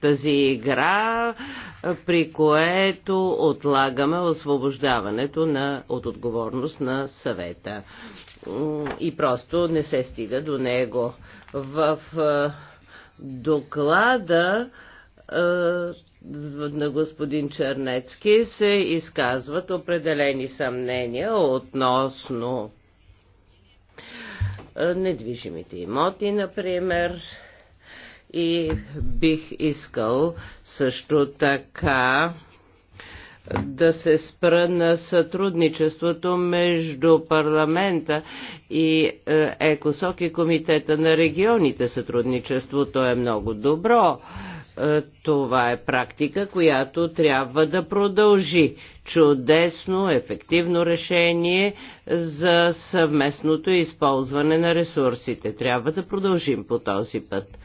A: тази игра, при което отлагаме освобождаването на, от отговорност на съвета. И просто не се стига до него. В. Е, доклада е, на господин Чернецки се изказват определени съмнения относно недвижимите имоти, например. И бих искал също така да се спра на сътрудничеството между парламента и е, ЕКОСОК и Комитета на регионите. Сътрудничеството е много добро. Е, това е практика, която трябва да продължи. Чудесно, ефективно решение за съвместното използване на ресурсите. Трябва да продължим по този път.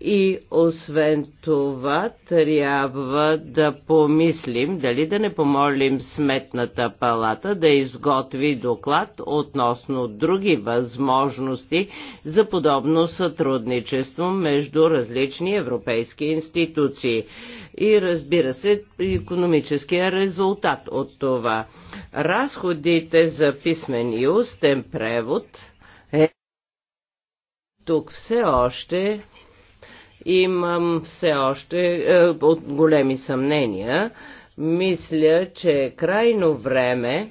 A: И освен това, трябва да помислим дали да не помолим Сметната палата да изготви доклад относно други възможности за подобно сътрудничество между различни европейски институции. И разбира се, економическия резултат от това. Разходите за писмен и устен превод е тук все още Имам все още е, от големи съмнения. Мисля, че е крайно време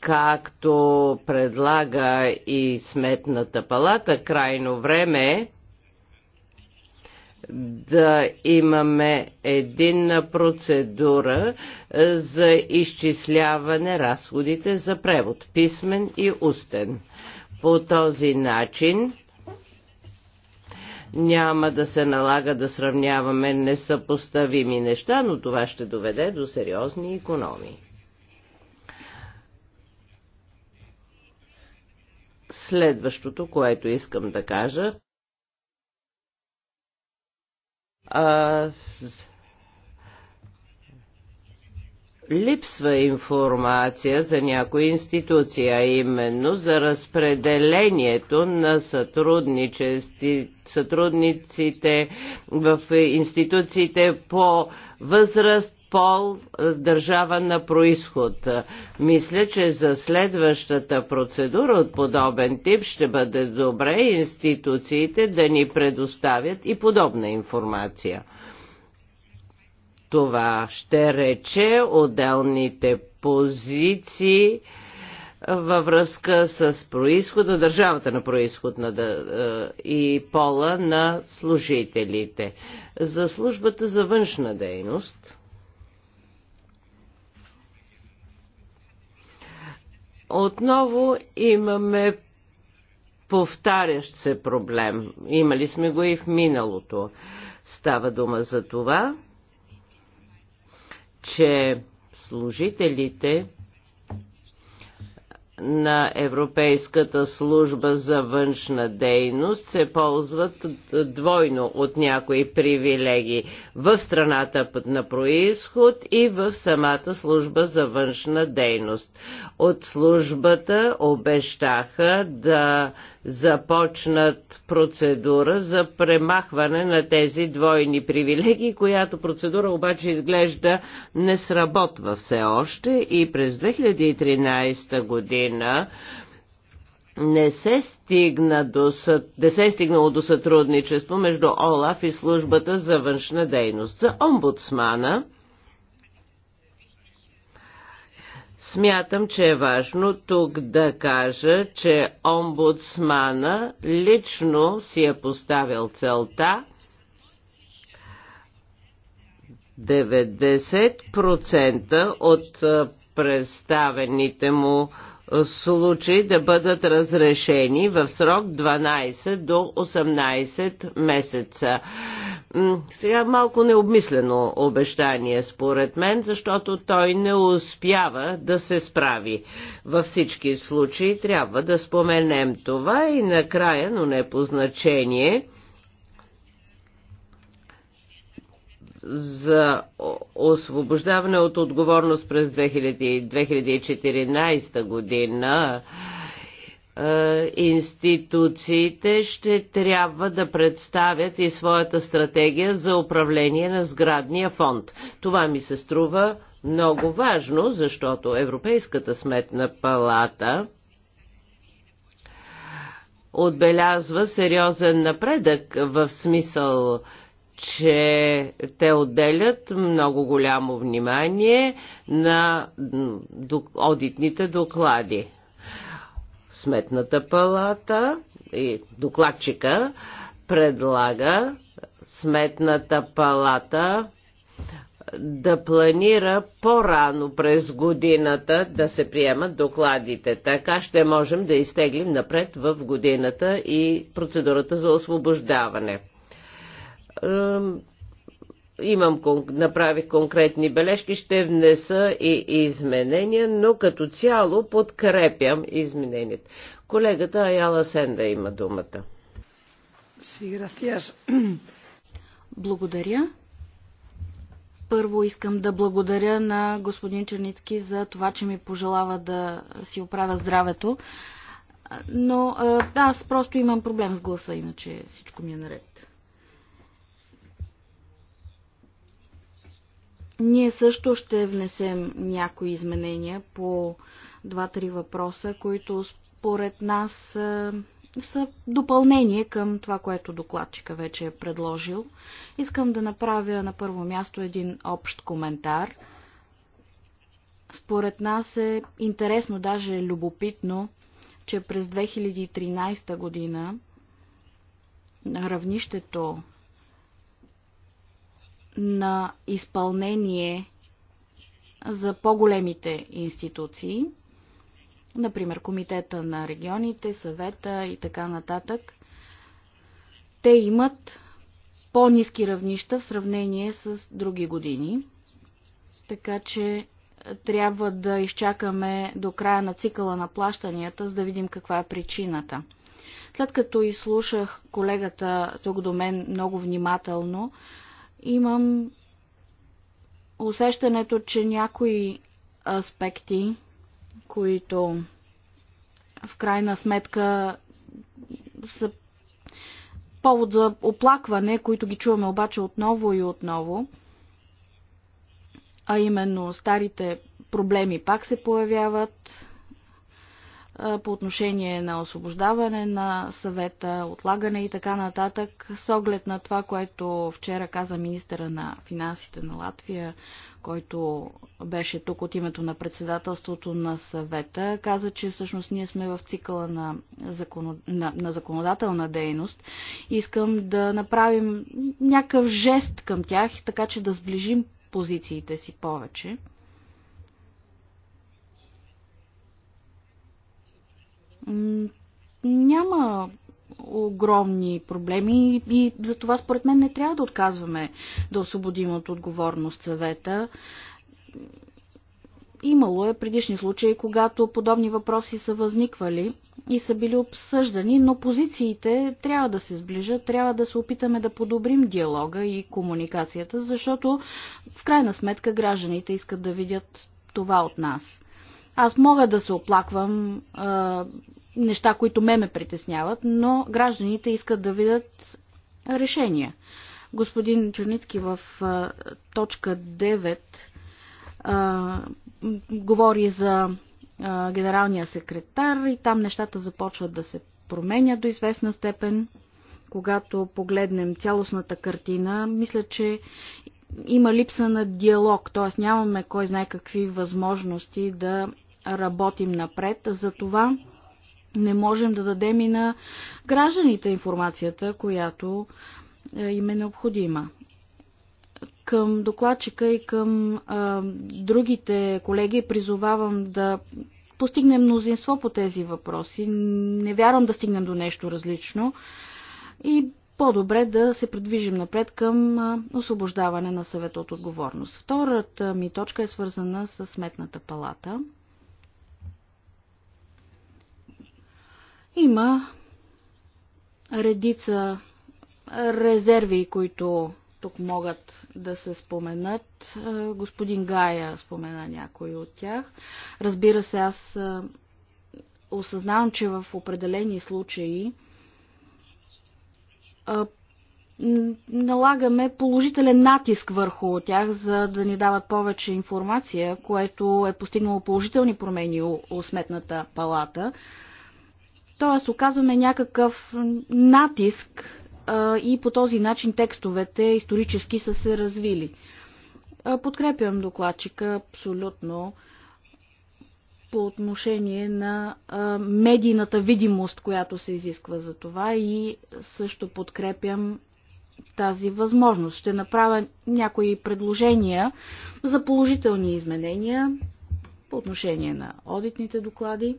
A: както предлага и Сметната палата, крайно време е да имаме единна процедура е, за изчисляване разходите за превод, писмен и устен. По този начин няма да се налага да сравняваме несъпоставими неща, но това ще доведе до сериозни економии. Следващото, което искам да кажа, а, липсва информация за някои институции, а именно за разпределението на сътрудниците в институциите по възраст, пол, е, държава на происход. Мисля, че за следващата процедура от подобен тип ще бъде добре институциите да ни предоставят и подобна информация. Това ще рече отделните позиции във връзка с происхода, държавата на происход на, да, и пола на служителите. За службата за външна дейност отново имаме повтарящ се проблем. Имали сме го и в миналото. Става дума за това, че служителите на Европейската служба за външна дейност се ползват двойно от някои привилегии в страната на происход и в самата служба за външна дейност. От службата обещаха да започнат процедура за премахване на тези двойни привилегии, която процедура обаче изглежда не сработва все още и през 2013 година не се, стигна до, не се е стигнало до сътрудничество между ОЛАФ и службата за външна дейност. За омбудсмана Смятам, че е важно тук да кажа, че омбудсмана лично си е поставил целта 90% от представените му случаи да бъдат разрешени в срок 12 до 18 месеца сега малко необмислено обещание, според мен, защото той не успява да се справи. Във всички случаи трябва да споменем това и накрая, но не по значение, за освобождаване от отговорност през 2000, 2014 година е, институциите ще трябва да представят и своята стратегия за управление на сградния фонд. Това ми се струва много важно, защото Европейската сметна палата отбелязва сериозен напредък в смисъл, че те отделят много голямо внимание на одитните доклади. Сметната палата и докладчика предлага Сметната палата да планира по-рано през годината да се приемат докладите. Така ще можем да изтеглим напред в годината и процедурата за освобождаване имам, направих конкретни бележки, ще внеса и изменения, но като цяло подкрепям измененията. Колегата Аяла Сенда има думата.
C: Благодаря. Първо искам да благодаря на господин Черницки за това, че ми пожелава да си оправя здравето. Но аз просто имам проблем с гласа, иначе всичко ми е наред. Ние също ще внесем някои изменения по два-три въпроса, които според нас са, са допълнение към това, което докладчика вече е предложил. Искам да направя на първо място един общ коментар. Според нас е интересно, даже любопитно, че през 2013 година равнището на изпълнение за по-големите институции, например Комитета на регионите, съвета и така нататък, те имат по-низки равнища в сравнение с други години. Така че е, трябва да изчакаме до края на цикъла на плащанията, за да видим каква е причината. След като изслушах колегата тук до мен много внимателно, Имам усещането, че някои аспекти, които в крайна сметка са повод за оплакване, които ги чуваме обаче отново и отново, а именно старите проблеми пак се появяват, по отношение на освобождаване на съвета, отлагане и така нататък, с оглед на това, което вчера каза министъра на финансите на Латвия, който беше тук от името на председателството на съвета, каза, че всъщност ние сме в цикъла на, законод... на, на законодателна дейност. Искам да направим някакъв жест към тях, така че да сближим позициите си повече. няма огромни проблеми и за това според мен не трябва да отказваме да освободим от отговорност съвета. Имало е предишни случаи, когато подобни въпроси са възниквали и са били обсъждани, но позициите трябва да се сближат, трябва да се опитаме да подобрим диалога и комуникацията, защото в крайна сметка гражданите искат да видят това от нас. Аз мога да се оплаквам а, неща, които ме ме притесняват, но гражданите искат да видят решения. Господин Чорницки в а, точка 9 а, говори за а, генералния секретар и там нещата започват да се променят до известна степен. Когато погледнем цялостната картина, мисля, че има липса на диалог, т.е. нямаме кой знае какви възможности да работим напред. За това не можем да дадем и на гражданите информацията, която е, им е необходима. Към докладчика и към а, е, другите колеги призовавам да постигнем мнозинство по тези въпроси. Не вярвам да стигнем до нещо различно и по-добре да се придвижим напред към е, освобождаване на съвета от отговорност. Втората ми точка е свързана с Сметната палата. Има редица резерви, които тук могат да се споменат. Е, господин Гая спомена някой от тях. Разбира се, аз е, осъзнавам, че в определени случаи е, налагаме положителен натиск върху тях, за да ни дават повече информация, което е постигнало положителни промени у Сметната палата. Тоест, оказваме някакъв натиск и по този начин текстовете исторически са се развили. Подкрепям докладчика абсолютно по отношение на медийната видимост, която се изисква за това и също подкрепям тази възможност. Ще направя някои предложения за положителни изменения по отношение на одитните доклади.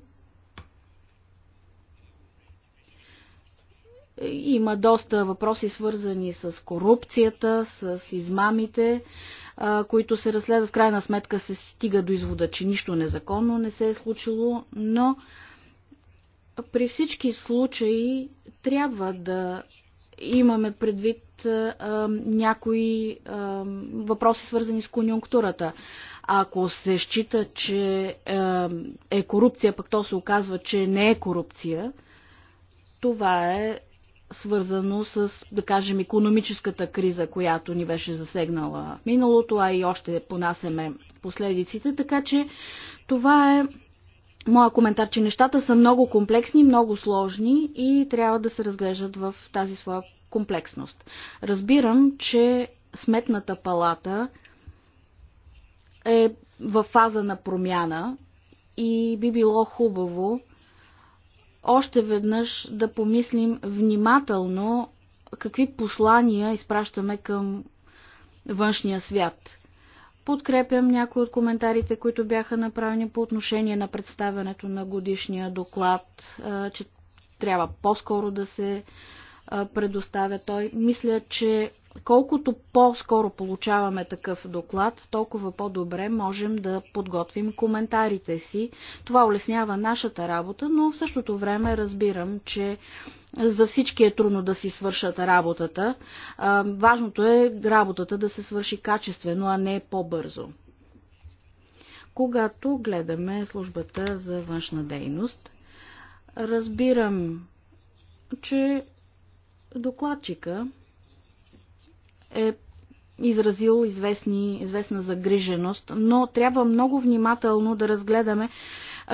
C: Има доста въпроси свързани с корупцията, с измамите, които се разследват. В крайна сметка се стига до извода, че нищо незаконно не се е случило, но при всички случаи трябва да имаме предвид някои а, въпроси, свързани с конюнктурата. Ако се счита, че а, е корупция, пък то се оказва, че не е корупция, това е свързано с, да кажем, економическата криза, която ни беше засегнала в миналото, а и още понасяме последиците. Така че това е моя коментар, че нещата са много комплексни, много сложни и трябва да се разглеждат в тази своя комплексност. Разбирам, че Сметната палата е в фаза на промяна и би било хубаво още веднъж да помислим внимателно какви послания изпращаме към външния свят. Подкрепям някои от коментарите, които бяха направени по отношение на представянето на годишния доклад, че трябва по-скоро да се предоставя той. Мисля, че Колкото по-скоро получаваме такъв доклад, толкова по-добре можем да подготвим коментарите си. Това улеснява нашата работа, но в същото време разбирам, че за всички е трудно да си свършат работата. Важното е работата да се свърши качествено, а не по-бързо. Когато гледаме службата за външна дейност, разбирам, че докладчика е изразил известни, известна загриженост, но трябва много внимателно да разгледаме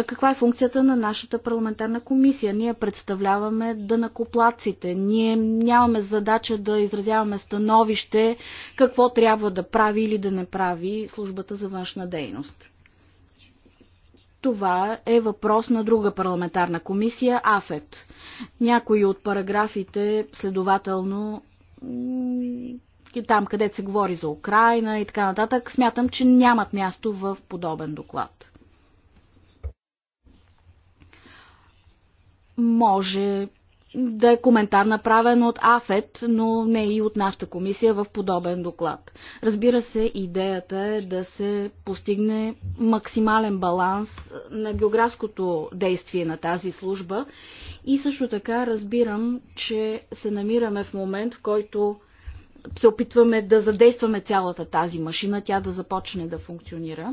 C: каква е функцията на нашата парламентарна комисия. Ние представляваме дънакоплаците, ние нямаме задача да изразяваме становище какво трябва да прави или да не прави службата за външна дейност. Това е въпрос на друга парламентарна комисия, АФЕТ. Някои от параграфите, следователно, и там, къде се говори за Украина и така нататък, смятам, че нямат място в подобен доклад. Може да е коментар направен от АФЕТ, но не и от нашата комисия в подобен доклад. Разбира се, идеята е да се постигне максимален баланс на географското действие на тази служба и също така разбирам, че се намираме в момент, в който се опитваме да задействаме цялата тази машина, тя да започне да функционира.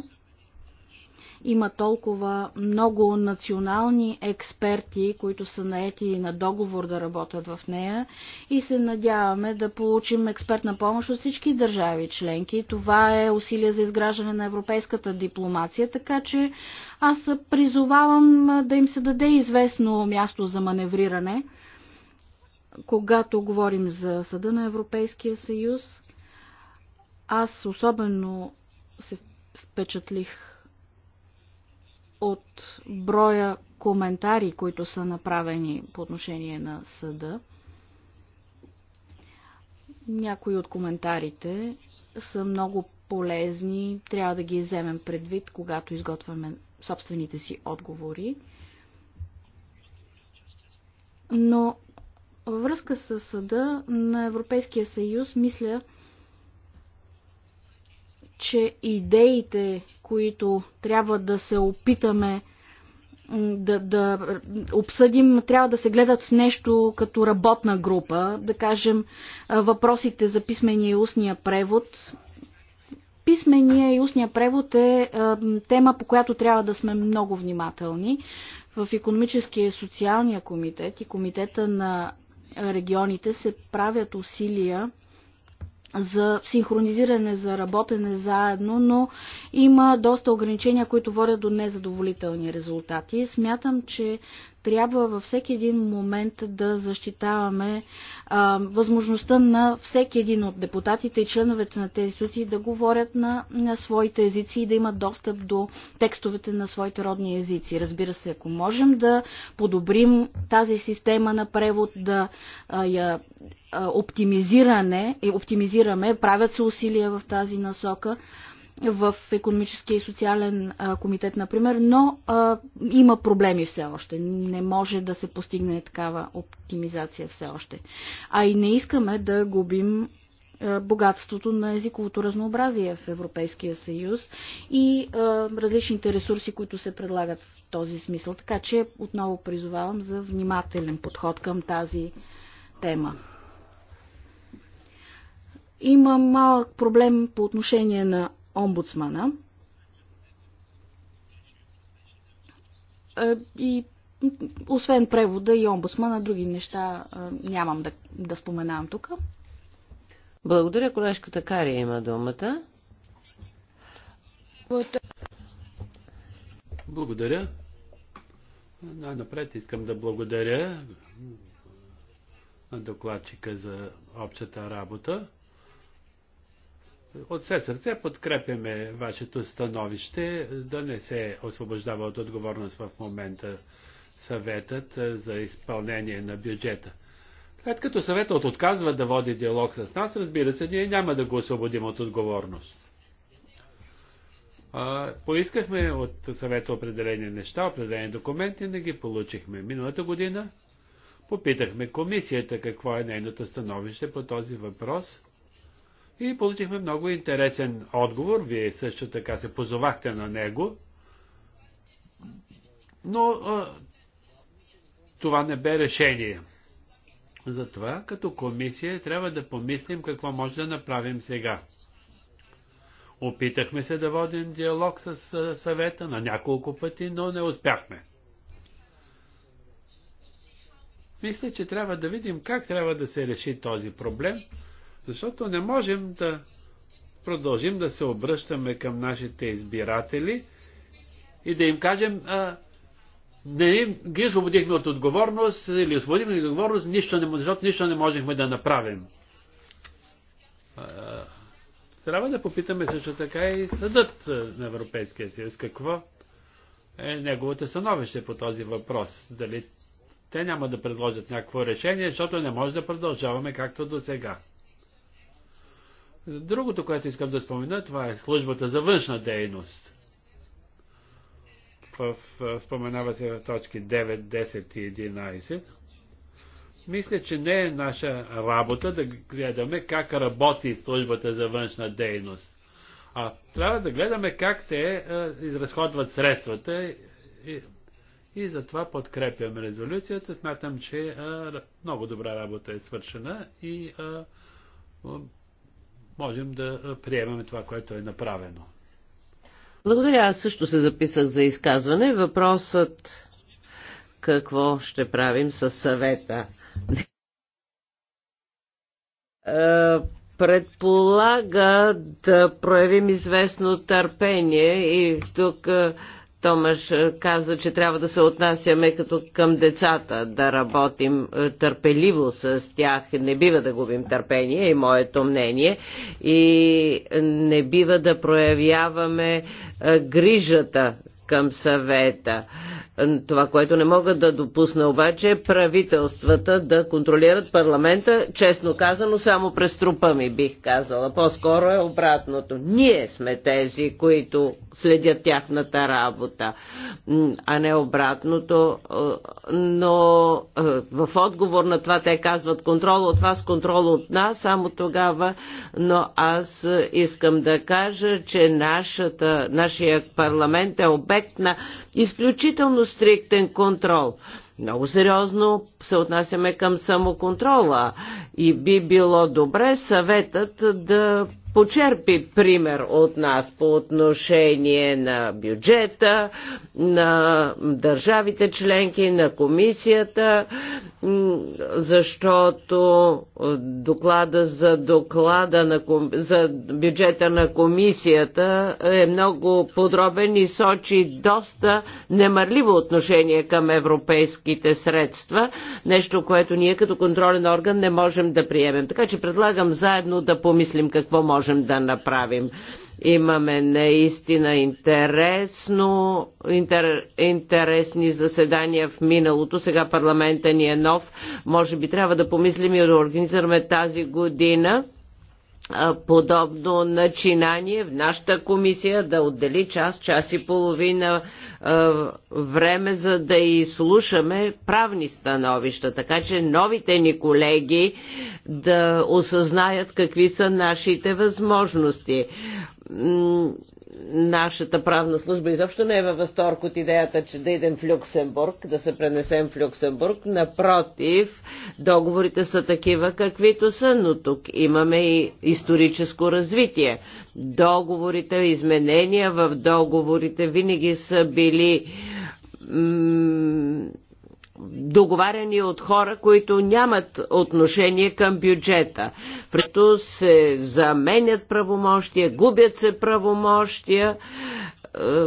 C: Има толкова много национални експерти, които са наети на договор да работят в нея и се надяваме да получим експертна помощ от всички държави членки. Това е усилие за изграждане на европейската дипломация, така че аз призовавам да им се даде известно място за маневриране – когато говорим за Съда на Европейския съюз, аз особено се впечатлих от броя коментари, които са направени по отношение на съда. Някои от коментарите са много полезни, трябва да ги вземем предвид, когато изготвяме собствените си отговори. Но във връзка с съда на Европейския съюз, мисля, че идеите, които трябва да се опитаме да, да обсъдим, трябва да се гледат в нещо като работна група. Да кажем, въпросите за писмения и устния превод. Писмения и устния превод е тема, по която трябва да сме много внимателни. В економическия и социалния комитет и комитета на регионите се правят усилия за синхронизиране, за работене заедно, но има доста ограничения, които водят до незадоволителни резултати. Смятам, че трябва във всеки един момент да защитаваме а, възможността на всеки един от депутатите и членовете на тези институции да говорят на, на своите езици и да имат достъп до текстовете на своите родни езици. Разбира се, ако можем да подобрим тази система на превод, да а, я оптимизиране, оптимизираме, правят се усилия в тази насока, в економическия и социален комитет, например, но а, има проблеми все още. Не може да се постигне такава оптимизация все още. А и не искаме да губим богатството на езиковото разнообразие в Европейския съюз и а, различните ресурси, които се предлагат в този смисъл. Така че отново призовавам за внимателен подход към тази тема. Има малък проблем по отношение на омбудсмана. Е, и освен превода и омбудсмана, други неща е, нямам да, да споменавам тук.
A: Благодаря, колежката Кари има думата.
B: Благодаря. Най-напред искам да благодаря на докладчика за общата работа от все сърце подкрепяме вашето становище да не се освобождава от отговорност в момента съветът за изпълнение на бюджета. След като съветът отказва да води диалог с нас, разбира се, ние няма да го освободим от отговорност. Поискахме от съвета определени неща, определени документи, не ги получихме. Миналата година попитахме комисията какво е нейното становище по този въпрос. И получихме много интересен отговор. Вие също така се позовахте на него. Но а, това не бе решение. Затова, като комисия, трябва да помислим какво може да направим сега. Опитахме се да водим диалог с съвета на няколко пъти, но не успяхме. Мисля, че трябва да видим как трябва да се реши този проблем защото не можем да продължим да се обръщаме към нашите избиратели и да им кажем, а, не им, ги освободихме от отговорност или освободихме от отговорност, нищо не, защото нищо не можехме да направим. А, трябва да попитаме също така и съдът на Европейския съюз. Какво е неговото становище по този въпрос? Дали те няма да предложат някакво решение, защото не може да продължаваме както до сега. Другото, което искам да спомена, това е службата за външна дейност. В, споменава се в точки 9, 10 и 11. Мисля, че не е наша работа да гледаме как работи службата за външна дейност. А трябва да гледаме как те изразходват средствата и, и затова подкрепям резолюцията. Смятам, че е, много добра работа е свършена и е, можем да приемем това, което е направено.
A: Благодаря. Аз също се записах за изказване. Въпросът какво ще правим с съвета? Предполага да проявим известно търпение и тук Томаш е, каза, че трябва да се отнасяме като към децата, да работим е, търпеливо с тях. Не бива да губим търпение, и е моето мнение. И не бива да проявяваме грижата към съвета. Това, което не мога да допусна обаче е правителствата да контролират парламента, честно казано, само през трупа ми бих казала. По-скоро е обратното. Ние сме тези, които следят тяхната работа, а не обратното. Е, но е, в отговор на това те казват контрол от вас, контрол от нас, само тогава, но аз искам да кажа, че нашата, нашия парламент е обе обект на изключително стриктен контрол. Много сериозно се отнасяме към самоконтрола и би било добре съветът да почерпи пример от нас по отношение на бюджета, на държавите членки, на комисията, защото доклада за доклада на, за бюджета на комисията е много подробен и сочи доста немарливо отношение към европейските средства, нещо, което ние като контролен орган не можем да приемем. Така че предлагам заедно да помислим какво може можем да направим. Имаме наистина интересно, интер, интересни заседания в миналото. Сега парламента ни е нов. Може би трябва да помислим и да организираме тази година подобно начинание в нашата комисия да отдели час, час и половина време, за да изслушаме правни становища, така че новите ни колеги да осъзнаят какви са нашите възможности нашата правна служба изобщо не е във възторг от идеята, че да идем в Люксембург, да се пренесем в Люксембург. Напротив, договорите са такива каквито са, но тук имаме и историческо развитие. Договорите, изменения в договорите винаги са били договаряни от хора, които нямат отношение към бюджета. Прето се заменят правомощия, губят се правомощия. Е, е,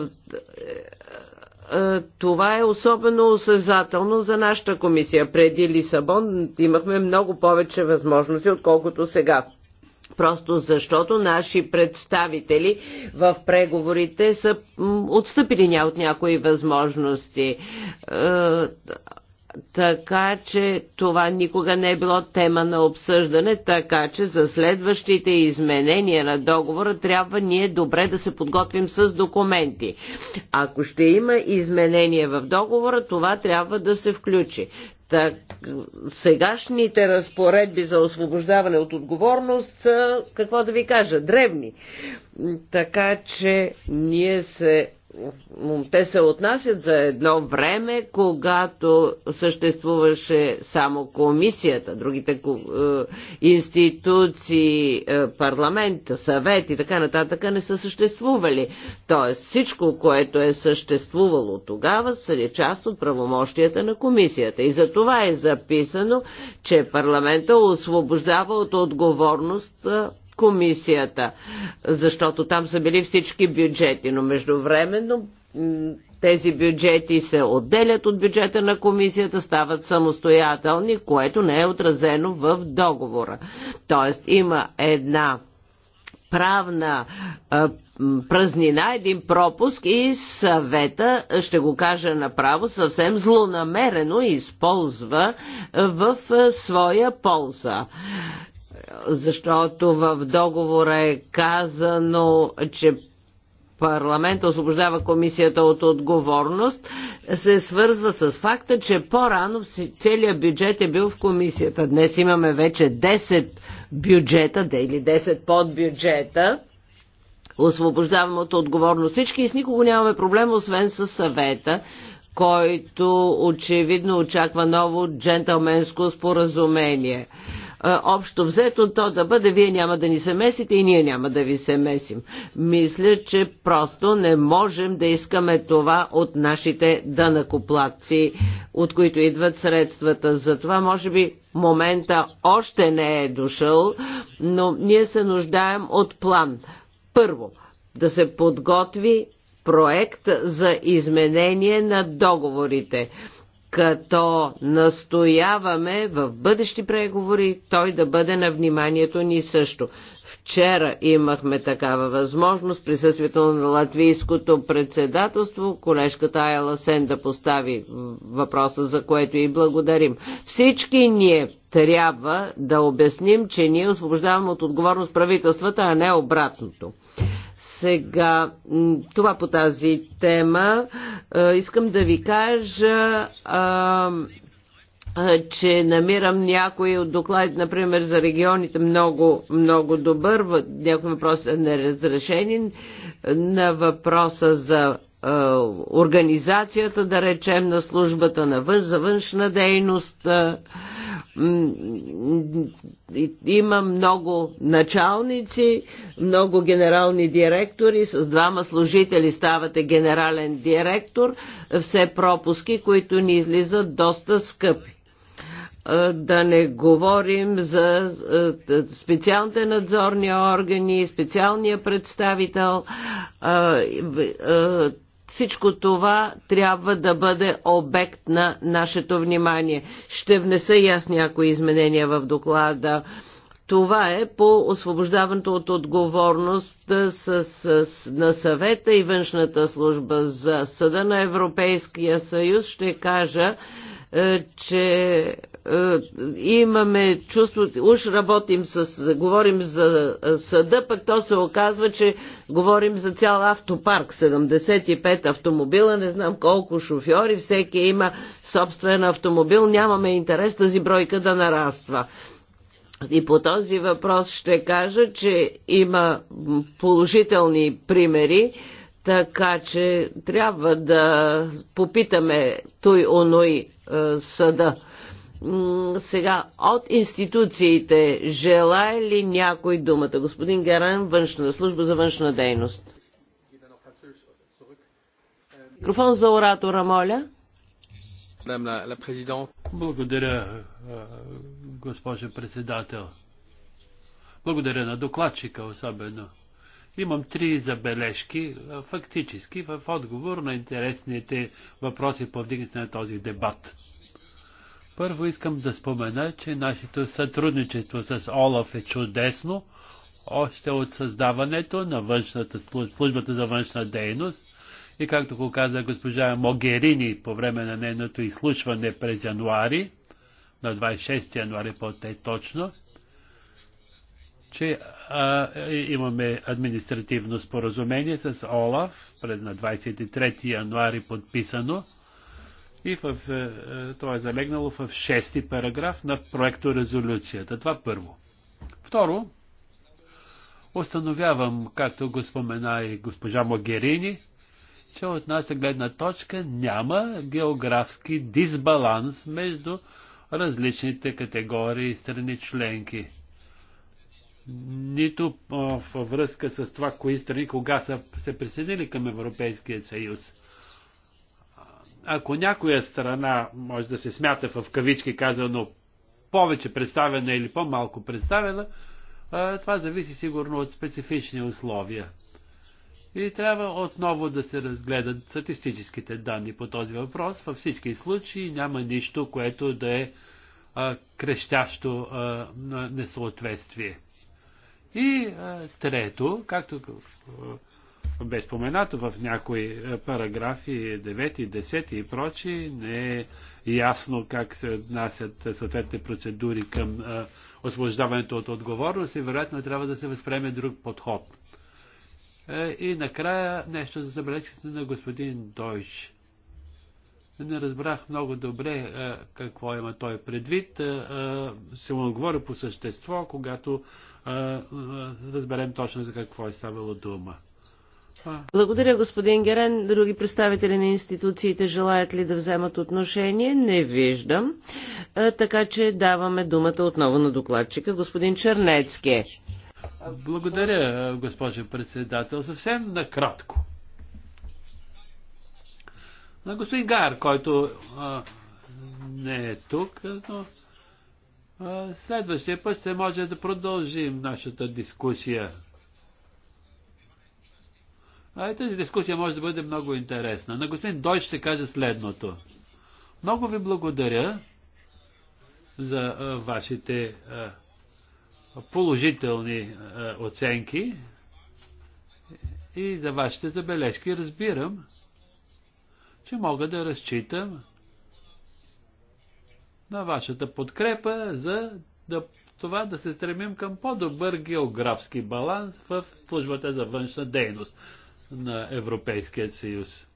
A: е, това е особено осъзнателно за нашата комисия. Преди Лисабон имахме много повече възможности, отколкото сега просто защото наши представители в преговорите са отстъпили от някои възможности. Е, така че това никога не е било тема на обсъждане, така че за следващите изменения на договора трябва ние добре да се подготвим с документи. Ако ще има изменения в договора, това трябва да се включи. Так, сегашните разпоредби за освобождаване от отговорност са, какво да ви кажа, древни. Така че ние се те се отнасят за едно време, когато съществуваше само комисията, другите е, институции, е, парламент, съвет и така нататък не са съществували. Тоест всичко, което е съществувало тогава, са е част от правомощията на комисията. И за това е записано, че парламента освобождава от отговорност комисията, защото там са били всички бюджети, но междувременно тези бюджети се отделят от бюджета на комисията, стават самостоятелни, което не е отразено в договора. Тоест има една правна празнина, един пропуск и съвета, ще го кажа направо, съвсем злонамерено използва в своя полза защото в договора е казано, че парламента освобождава комисията от отговорност, се свързва с факта, че по-рано целият бюджет е бил в комисията. Днес имаме вече 10 бюджета да или 10 подбюджета. освобождавам от отговорност всички и с никого нямаме проблем, освен с съвета, който очевидно очаква ново джентълменско споразумение общо взето то да бъде вие няма да ни се месите и ние няма да ви се месим. Мисля, че просто не можем да искаме това от нашите дънакоплатци, от които идват средствата. Затова може би момента още не е дошъл, но ние се нуждаем от план. Първо, да се подготви проект за изменение на договорите като настояваме в бъдещи преговори той да бъде на вниманието ни също. Вчера имахме такава възможност, присъствието на латвийското председателство, колежката Айла Сен да постави въпроса, за което и благодарим. Всички ние трябва да обясним, че ние освобождаваме от отговорност правителствата, а не обратното. Сега, това по тази тема. Е, искам да ви кажа че намирам някои от докладите, например, за регионите много, много добър, някои въпроси е неразрешени, на въпроса за е, организацията, да речем, на службата на вън, за външна дейност, е, има много началници, много генерални директори, с двама служители ставате генерален директор, все пропуски, които ни излизат доста скъпи да не говорим за специалните надзорни органи, специалния представител. Всичко това трябва да бъде обект на нашето внимание. Ще внеса и аз някои е изменения в доклада. Това е по освобождаването от отговорност с, с, на съвета и външната служба за съда на Европейския съюз. Ще кажа, че имаме чувство, уж работим с, говорим за съда, пък то се оказва, че говорим за цял автопарк, 75 автомобила, не знам колко шофьори, всеки има собствен автомобил, нямаме интерес тази бройка да нараства. И по този въпрос ще кажа, че има положителни примери, така че трябва да попитаме той оной е, съда. Сега, от институциите, желая ли някой думата? Господин Геран, външна служба за външна дейност. Микрофон за оратора, моля.
B: Благодаря, е, госпожо председател. Благодаря на докладчика особено. Имам три забележки, фактически, в отговор на интересните въпроси, повдигнати на този дебат. Първо искам да спомена, че нашето сътрудничество с Олаф е чудесно, още от създаването на външната службата за външна дейност и както го каза госпожа Могерини по време на нейното изслушване през януари, на 26 януари по-точно, че а, имаме административно споразумение с ОЛАФ, пред на 23 януари подписано, и в, а, е, е, това е залегнало в 6 параграф на проекто резолюцията. Това първо. Второ, установявам, както го спомена и госпожа Могерини, че от наша гледна точка няма географски дисбаланс между различните категории страни членки. Нито във връзка с това, кои страни кога са се присъединили към Европейския съюз. Ако някоя страна може да се смята в кавички казано повече представена или по-малко представена, това зависи сигурно от специфични условия. Или трябва отново да се разгледат статистическите данни по този въпрос? Във всички случаи няма нищо, което да е а, крещящо а, на несъответствие. И а, трето, както а, бе споменато в някои параграфи 9, 10 и прочи, не е ясно как се отнасят съответните процедури към освобождаването от отговорност и вероятно трябва да се възприеме друг подход. Е, и накрая нещо за забележките на господин Дойч. Не разбрах много добре е, какво има той предвид. Е, се му отговоря по същество, когато разберем точно за какво е ставало дума.
A: Благодаря, господин Герен. Други представители на институциите желаят ли да вземат отношение? Не виждам. Така че даваме думата отново на докладчика,
B: господин Чернецки. Благодаря, госпожо председател. Съвсем накратко. На господин Гар, който а, не е тук, но а, следващия път се може да продължим нашата дискусия. А, тази дискусия може да бъде много интересна. На господин Дойч ще каже следното. Много ви благодаря за а, вашите а, положителни оценки и за вашите забележки. Разбирам, че мога да разчитам на вашата подкрепа за да, това да се стремим към по-добър географски баланс в службата за външна дейност на Европейския съюз.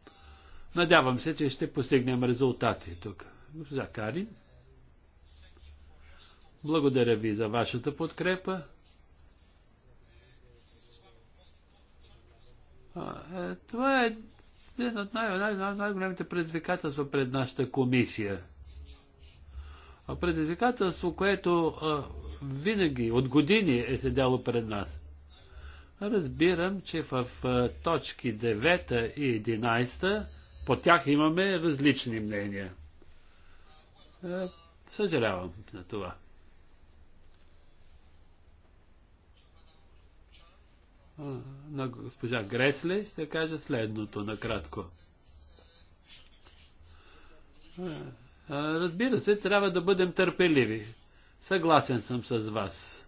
B: Надявам се, че ще постигнем резултати тук. Закарин. Карин. Благодаря ви за вашата подкрепа. Е, това е един от най-големите най- най- предизвикателства пред нашата комисия. Предизвикателство, което а, винаги, от години е седяло пред нас. Разбирам, че в а, точки 9 и 11 по тях имаме различни мнения. А, е, съжалявам на това. на госпожа Гресле ще кажа следното накратко. Разбира се, трябва да бъдем търпеливи. Съгласен съм с вас.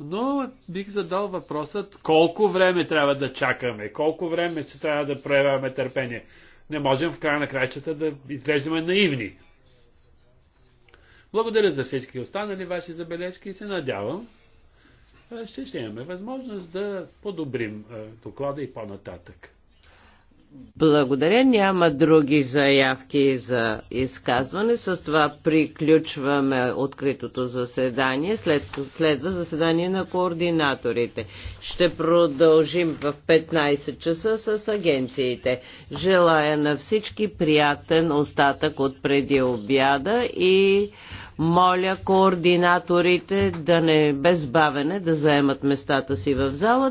B: Но бих задал въпросът колко време трябва да чакаме, колко време се трябва да проявяваме търпение. Не можем в края на краищата да изглеждаме наивни. Благодаря за всички останали ваши забележки и се надявам, е, ще, ще имаме възможност да подобрим е, доклада и по-нататък.
A: Благодаря. Няма други заявки за изказване. С това приключваме откритото заседание. След, следва заседание на координаторите. Ще продължим в 15 часа с агенциите. Желая на всички приятен остатък от преди обяда и моля координаторите да не без бавене да заемат местата си в залата.